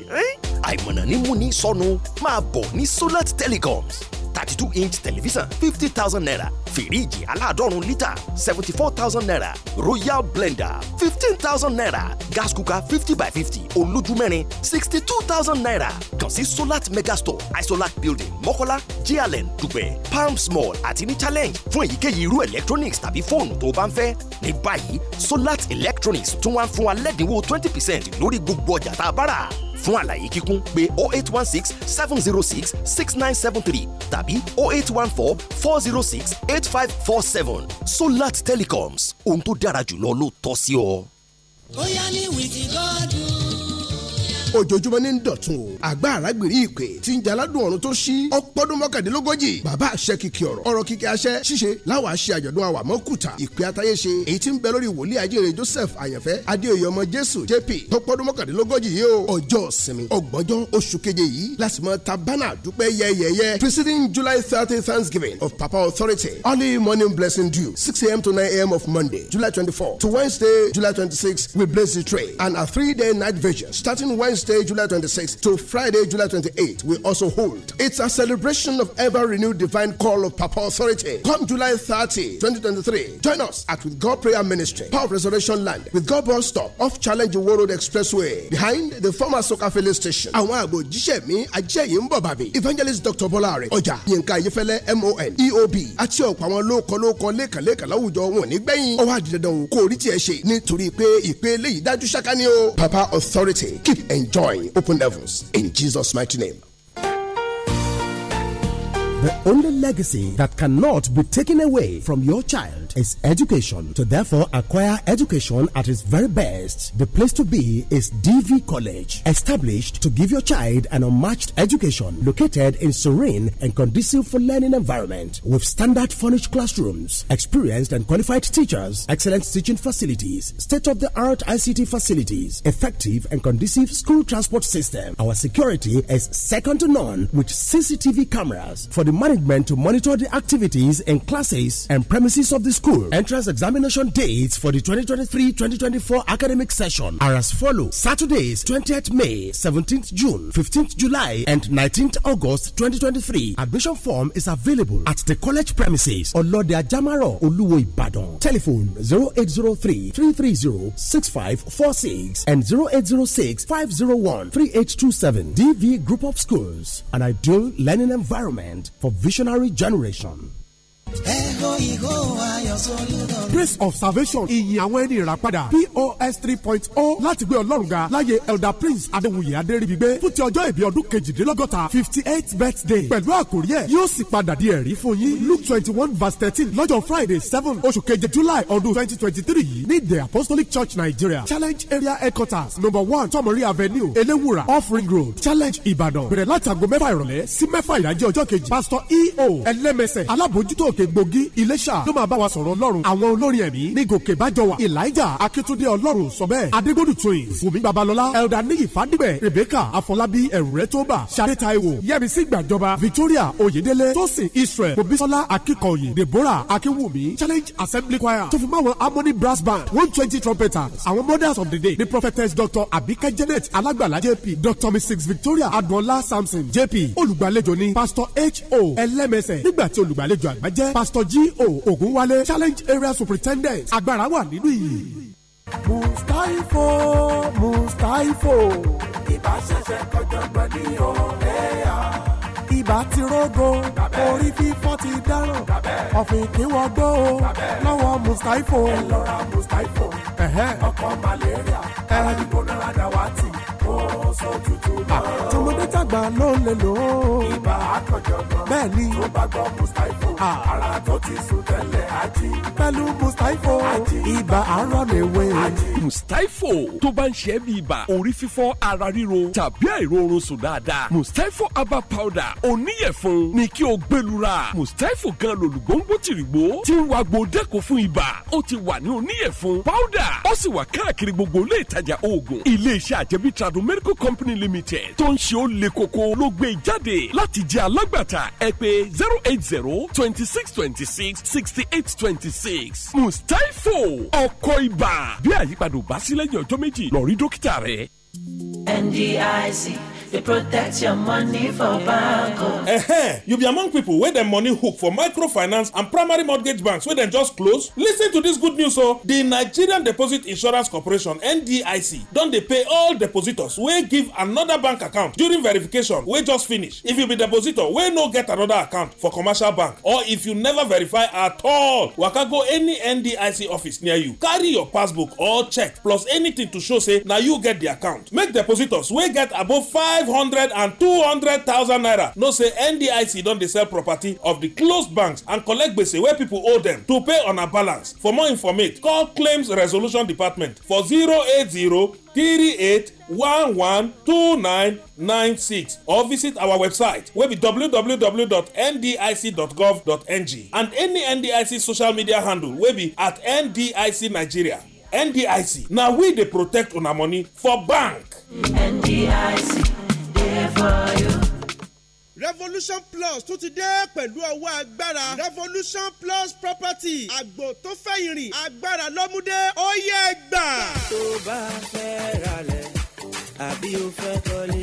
àìmọ̀nà ni mú ní sọnù máa bọ̀ ní Solar Telecoms thirty two inch television fifty thousand naira fìríìjì aláàdọ́rùn lítà seventy four thousand naira royal blender fifteen thousand naira gas cooker fifty by fifty olójú mẹ́rin sixty two thousand naira kàn sí solat megastore Isolat building Mokola, jln dùgbẹ̀ palms mall àti ní challenge fún èyíkéyìí irú electronics tàbí fóònù tó o bá ń fẹ́ ní báyìí solat electronics tún wá ń fún wa twenty percent lórí gbogbo ọjà tá a bá rà fún àlàyé kíkún pé 0816 706 6973 tàbí 0814 406 8547 Solat Telecoms ohun tó dára jùlọ ló tọ́ sí ọ. ó ní wìkì gọ́ọ̀dù ojoojúmọ́ ní dọ̀tun o àgbà arágbèrè ìpè tí ń jaládùn ọ̀run tó ṣí ọpọ́dún mọ́kàndínlógójì bàbá àṣẹ kìkì ọ̀rọ̀ ọ̀rọ̀ kìkì àṣẹ ṣíṣe láwọn àṣẹ àjọ̀dún àwàmọ́ kùtà ìpè àtayé ṣe èyí tí ń bẹ lórí wòlíì ajínrere Joseph àyànfẹ́ adéoyè ọmọ Jésù JP tọpọ́dún mọ́kàndínlógójì yìí o ọjọ́ sinmi ọgbọ́njọ́ oṣù keje yìí láti mọ tabana dúpẹ́ yẹ́yẹ́yẹ́ preceding July thirty Thanksgiving of Papa Authority early morning blessing due six a.m. to nine a.m. of Monday July twenty-four to Wednesday July twenty-six we bless the tray and a three-day night vigil starting Wednesday Thursday, July 26th to Friday, July 28th, we also hold. It's a celebration of ever renewed divine call of Papa authority. Come July 30, 2023, join us at With God Prayer Ministry, Power of Resurrection Land, With God Bus Stop, off Challenge World Road Expressway, behind the former Soka filling station. Àwọn àgbò jíṣẹ́ mi ajẹ́yìn ń bọ̀ bàbí. Evangelist Dr. Bọ́láre, ọjà Yínká Ayéfẹ́lẹ́ MON, EOB àti ọ̀pọ̀ àwọn lóòkọ́ lóòkọ́ lẹ́kànlẹ́kàn láwùjọ wọn ní gbẹ̀yìn. Ọwọ́ àdìdàdàn kò rí tiẹ̀ ṣe nítorí pé ìpele yìí dájú ṣáká ni o. Papa authority keep enjoying. join open heavens in Jesus' mighty name. The only legacy that cannot be taken away from your child is education. To therefore acquire education at its very best, the place to be is DV College, established to give your child an unmatched education, located in serene and conducive for learning environment with standard furnished classrooms, experienced and qualified teachers, excellent teaching facilities, state-of-the-art ICT facilities, effective and conducive school transport system. Our security is second to none with CCTV cameras for the management to monitor the activities in classes and premises of the school School. Entrance examination dates for the 2023-2024 academic session are as follows. Saturdays, 20th May, 17th June, 15th July, and 19th August 2023. Admission form is available at the college premises on Olode Jamaro Uluwe Badon. Telephone 0803-330-6546 and 0806-501-3827. DV Group of Schools, an ideal learning environment for visionary generation. Grace of Salvation ìyìn àwọn ẹni ìràpadà POS three point o oh, láti gbé Ọlọ́run ga láyé Elder Prince Adéwuyè Adéríbigbé fún ti ọjọ́ ìbí ọdún kejìdínlọ́gọ́ta fifty eight birthday pẹ̀lú àkórí ẹ̀ yóò sì padà di ẹ̀rí fún yín Luke twenty one verse thirteen lọ́jọ́ Friday seven oṣù keje July ọdún twenty twenty three yìí ní The Apostolic Church Nigeria Challenge Area Headquarters number one Tomori Avenue Elewura Off Ring Road Challenge Ìbàdàn bẹ̀rẹ̀ láti aago mẹ́fà ìrọ̀lẹ́ sí mẹ́fà ìdájẹ́ ọjọ́ kejì Pastor E.O. ẹlẹ́mẹsẹ̀ alábòjútó òkè gbòógì iléṣà ló máa bá wa sọ̀rọ̀ ọlọ́run àwọn olórin ẹ̀mí ní gòkè bájọ wà elijah akitunde ọlọ́run sọ bẹ́ẹ̀ adégbòdù tóyìn fúnmi babalọ́lá elda níyì fàdíbẹ̀ rebecca afọlábí ẹ̀rù tó bà sade taiwo yẹmísí gbàjọba victoria oyedele tosin israel bobisola akikọyin deborah akiwumi challenge assembly choir tó fi harmony brass band one twenty trumpeters àwọn mothers of the day ní prophetess dr abike janet alágbàlá jp dr mrs victoria adunola samson jp olùgbàlejò ni pastor h o ẹlẹ́mẹsẹ̀ nígbà tí olùgbàlejò àgbà jẹ́ jẹ́ pastor g o Ogunwale challenge area superintendent agbára wà nínú ìyè. mustaifo mustaifo ibà ṣẹ̀ṣẹ̀ kọjọ́gbọ́n ní òun ibà ti rógo orí fífọ́ ti dáràn ọ̀fìn kí wọ́n gbó o lọ́wọ́ mùsítáífò. ẹ lọ ra ọkọ̀ malaria ara dìbò náírà dáwà tì ó sọ tútù náà àgbà ló lè lò ó. ibà àkànjọ̀gbọ́n. bẹ́ẹ̀ ni. tó bá gbọ́ mustapho. ara tó ti sùn tẹ́lẹ̀ ají. pẹ̀lú mustapho. ají ibà arọ lè wé. ají mustapho tó bá ń ṣe é bí ibà orí fífọ́ ara ríro tàbí àìróorun sùn dáadáa. mustapho herbal powder oníyẹ̀fun ni kí o gbẹlura. mustapho gan lòlùgbòǹgbò tìrìgbò ti ń wa gbòdẹ́kọ̀ fún ibà ó ti wà ní oníyẹ̀fun powder ó sì wà káàkiri gbogbo ilé ìtajà oògùn ilé iṣẹ́ àjẹbí tradu medical company limited tó ń ṣe ó lè Koko ló gbé jáde láti jẹ́ alágbàtà ẹ pè zero eight zero twenty six twenty six sixty eight twenty six mustapho ọkọ̀ ibà bí àyípadà ò bá sí lẹ́yìn ọjọ́ méjì lọ rí dókítà rẹ ndic dey protect your money for bank o. Eh you be among people where dem money hook for microfinance and primary mortgage banks where they just close? Listen to this good news o! Oh. The Nigerian Deposit Insurance Corporation NDIC don't they pay all depositors wey give another bank account during verification We just finish. If you be depositor we no get another account for commercial bank or if you never verify at all, waka go any NDIC office near you, carry your passbook or check plus anything to show say now you get the account make depositors wey get above five hundred and two hundred thousand naira know say ndic don dey sell property of di closed banks and collect gbese wey pipo owe dem to pay on a balance for more informate call claims resolution department for zero zero eight eight three one one two nine nine six or visit our website wey be www.ndic.gov.ng and any ndic social media handle wey be at ndic nigeria ndic na we dey protect una money for bank. ndic dey for you. revolution plus tún ti dé pẹ̀lú ọwọ́ agbára revolution plus property àgbò tó fẹ́ ìrìn agbára lọ́múdé ó yẹ gbà. tó bá fẹ́ ralẹ̀ àbí o fẹ́ kọ́lé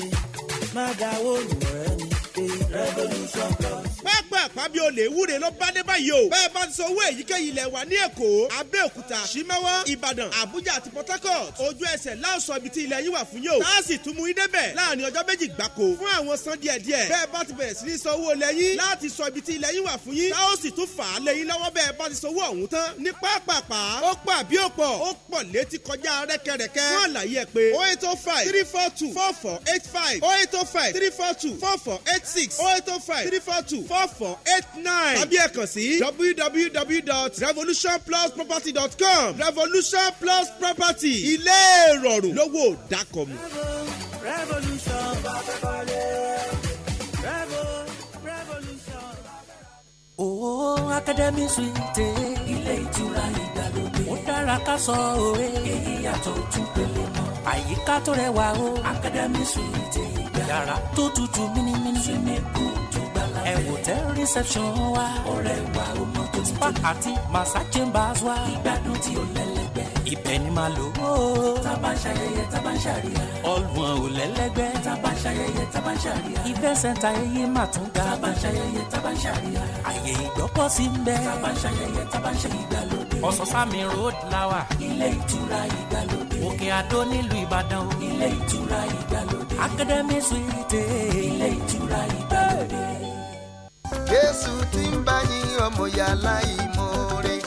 má dáwọ́ lù ẹ́ ni pé revolution plus. pápá àpábí olè wúre ló bá dé báyìí o. bẹ́ẹ̀ bá ń san owó èyíkéyìí ilẹ̀ wa ní èkó abẹ́òkúta ṣímẹ́wọ́ ìbàdàn àbújá àti port harcourt ojú ẹsẹ̀ láòsàn ibi tí ilẹ̀ yín wà fún yóò. táàsì tún mú idé bẹ̀ láàrin ọjọ́ méjì gbáko fún àwọn san díẹ̀ díẹ̀. bẹ́ẹ̀ bá ti bẹ̀rẹ̀ sí ní san owó lẹ́yìn láti sọ ibi tí ilẹ̀ yín wà fún yín. táòsì tún fà á lẹ́yìn lọ́wọ́ bẹ́ẹ̀ bá ti sanwó ọ̀hún tán ní pápápá ó pọ̀ àbí ó pọ̀ ó pọ̀ létí kọjá rẹ́kẹrẹ́kẹ́. fún àlàyé ẹ pé oh eight oh five three four two four four eight five oh eight oh five three four two four four eight six oh eight oh five three four two four four eight nine tàbí ẹ kàn sí www.revolutionplusproperty.com revolution plus property ilé ìrọ̀rùn lówó dákọ̀mù. revolution bá oh, Akademi Suite. Ilé ìtura ìgbàlódé. Ó dára ká sọ òwe. Èyí yàtọ̀ ojú pele mọ́. Àyíká tó rẹwà o. Akademi Suite yàrá tó tutù mímímí. sinimu tó gbala bẹ́ẹ̀. ẹ hotel reception wa. ọ̀rẹ́ wa o mọ tó ti tó. spa àti massage chambers wa. ìgbádùn tí ó lẹ́lẹ́ ibẹ̀ ni màá lò ó. tábà ń ṣayẹyẹ tábà ń ṣàríyá. ọlùwọ̀n ò lẹ́lẹ́gbẹ́. tábà ń ṣayẹyẹ tábà ń ṣàríyá. ìfẹ́ sẹ́ńtà ẹyẹ mà tún ga. tábà ń ṣayẹyẹ tábà ń ṣàríyá. àyè ìgbọ́kọ̀sí ń bẹ. tábà ń ṣayẹyẹ tábà ń ṣe ìgbàlódé. ọ̀sánsámi road lawa. ilé ìtura ìgbàlódé. òkè àdó nílùú ìbàdàn. ilé ìtura ìgbàlódé. academy suite. ilé ìtura ìgbàlódé. jésù ti ń bá yín ọmọ yàrá ìmọ̀ rẹ̀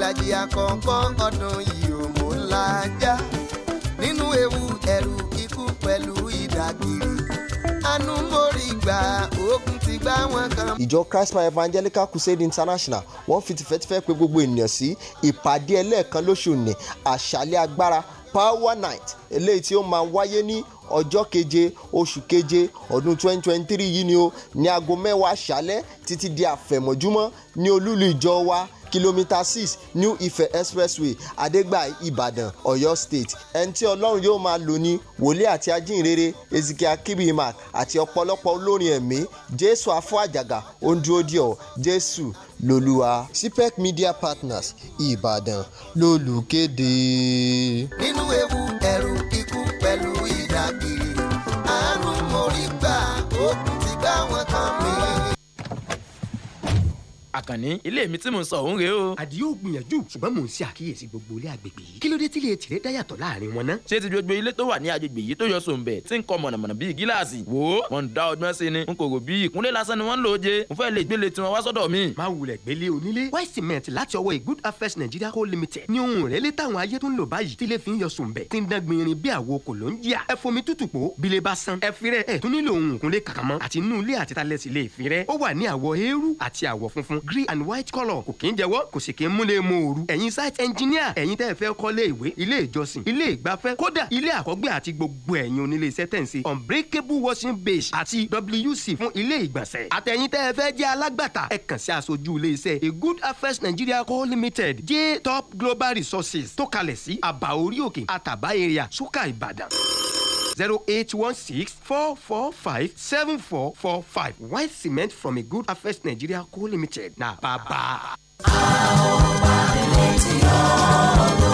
ìlàjì àkọ́kọ́ ọdún yìí ò mò la já nínú ewu ẹ̀rù ikú pẹ̀lú ìdàgìrì anú mórí gbà ogun ti gbá wọn kan. ìjọ Christ my Evangelical Crusade International wọ́n fi tìfẹ́tìfẹ́ pè gbogbo ènìyàn sí ìpàdé ẹlẹ́ẹ̀kan lóṣù ní àṣálẹ́ agbára Power Night eléyìí tí ó máa wáyé ní ọjọ́ keje oṣù keje ọdún 2023 yìí ni ó ní aago mẹ́wàá àṣálẹ́ títí di àfẹ̀mọ́júmọ́ ní olúlu ìjọ wa kìlómítà six New Ife Expressway Adégbà Ìbàdàn Ọ̀yọ́ State ẹni tí Ọlọ́run yóò máa lò ní wòlíì àti ajínrere Ezekiel Kibimak àti ọ̀pọ̀lọpọ̀ olórin ẹ̀mí Jésù afọ àjàgà ó ń dúró dì ọ́ Jésù lolúwa CPEC Media Partners Ìbàdàn lolùkéde. nínú ewu ẹ̀rù ikú pẹ̀lú ìdàgbì àrùn mórí gbà ó kú. àkànní ilé mi tí mò ń sọ òun rèé o. àdìo gbìyànjú ṣùgbọ́n mò ń ṣe àkíyèsí gbogbo ilé agbègbè yìí kí ló dé tí ilé tìrẹ dáyàtọ̀ láàrin wọn ná. ṣé ti gbogbo ilé tó wà ní agbègbè yìí tó yọ sòǹbẹ tí ń kọ mọ̀nàmọ̀nà bíi gíláàsì wò wọn da ọgbọ́n sí ni n kò rò bí ìkúnlẹ̀ lásán ni wọ́n ń lò jẹ mo fẹ́ lè gbélé tiwọn wá sọ́dọ̀ mi. má wulẹ̀ gbélé onílé white green and white colour kò kí ń jẹ́wọ́ kò sì kí ń múlẹ̀ mọ òru ẹ̀yin site engineer ẹ̀yin tẹ́ ẹ fẹ́ kọ́lé ìwé ilé ìjọsìn ilé ìgbafẹ́ kódà ilé àkọ́gbé àti gbogbo ẹ̀yin onílé iṣẹ́ tẹ̀ unbreakable washing base àti WC fún ilé ìgbọ̀nsẹ̀ àtẹ̀yin tẹ́ ẹ fẹ́ jẹ́ alágbàtà ẹ kàn sí aṣojú ilé iṣẹ́ a good affairs Nigeria co limited j top global resources tó kalẹ̀ sí àbá orí òkè àtàbá area ṣúkà Ìbàdàn zero eight one six four four five seven four four five white cement from a good affairs nigeria co limited na baba. a ò pàdé létí ọ̀rọ̀.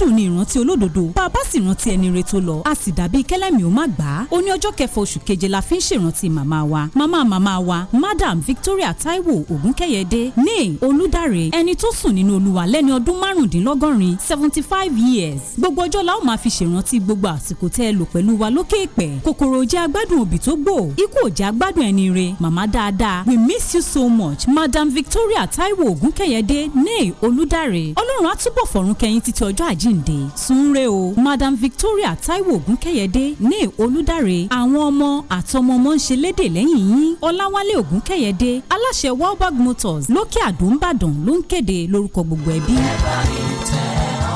dídùn ni ìrántí olódodo bá a bá sì rántí ẹni re tó lọ a sì dàbí kẹ́lẹ́mì ó má gbà á ó ní ọjọ́ kẹfà oṣù keje la fi ń ṣèrántí màmá wa màmá màmá wa madam Victoria Taiwo Ògúnkẹ́yẹdé ní Olúdáre ẹni tó sùn nínú Olúwa lẹ́ni ọdún márùndínlọ́gọ́rin seventy five years gbogbo ọjọ́ la ó máa fi ṣèrántí gbogbo àsìkò tẹ́ ẹ lò pẹ̀lú wa lókè èpẹ̀ kòkòrò jẹ́ agbádùn òbí tó gbò ikú ò jẹ́ agbádùn ẹni re màmá dáadáa we miss you so much madam Victoria Taiwo Ògúnkẹ́yẹdé ní Olúdáre ọlọ́run á túbọ̀ fọ̀run kẹ́yìn títí ọjọ́ àjíǹde Ọlátúndé Súnre o Madam Victoria Taiwo, Ògúnkẹ́yẹdé ní Olúdáre àwọn ọmọ àtọmọmọ ń ṣe lédè lẹ́yìn yín Ọláwálé Ògúnkẹ́yẹdé aláṣẹ Wallberg Motors lókè Àdó Ìbàdàn ló ń kéde lórúkọ gbogbo ẹbí. ẹ bá mi tẹ́ ọ.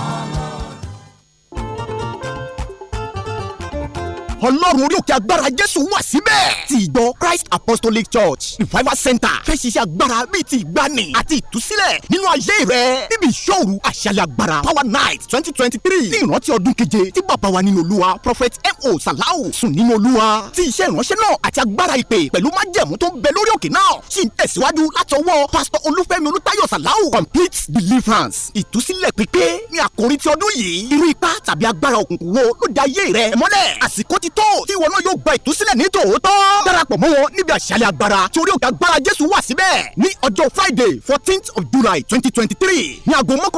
ọlọ́run orí òkè agbára jésù wà síbẹ̀. ti ìjọ christ apostolic church revival center fẹ́ ṣiṣẹ́ agbára bíi ti ìgbani àti ìtúsílẹ̀ nínú ayé rẹ̀ níbi ìṣòro àṣàlẹ̀ agbára power night twenty twenty three ní ìrántí ọdún keje tí bàbá wa nínú olúwa prophet mo salau sùn nínú olúwa tí iṣẹ́ ìránṣẹ́ náà àti agbára ìpè pẹ̀lú májẹ̀mú tó ń bẹ lórí òkè náà sì ń tẹ̀síwájú látọwọ́ pásítọ̀ olúfẹ́mi olútayọ̀ salau complete deliverance ìtúsílẹ̀ pípé ní àkórí ti ọdún yìí irú ipá tàbí agbára òkùnkùn wo ló da ayé rẹ mọ́lẹ̀ àsìkò ti tó tí ìwọ náà yóò gba ìtúsílẹ̀ ní tòótọ́. darapọ̀ mọ́ wọn níbi àṣálẹ̀ agbára tí orí òkè agbára jésù wà síbẹ̀ ní ọjọ́ friday fourteenth of july twenty twenty three ní aago mọ́kànlá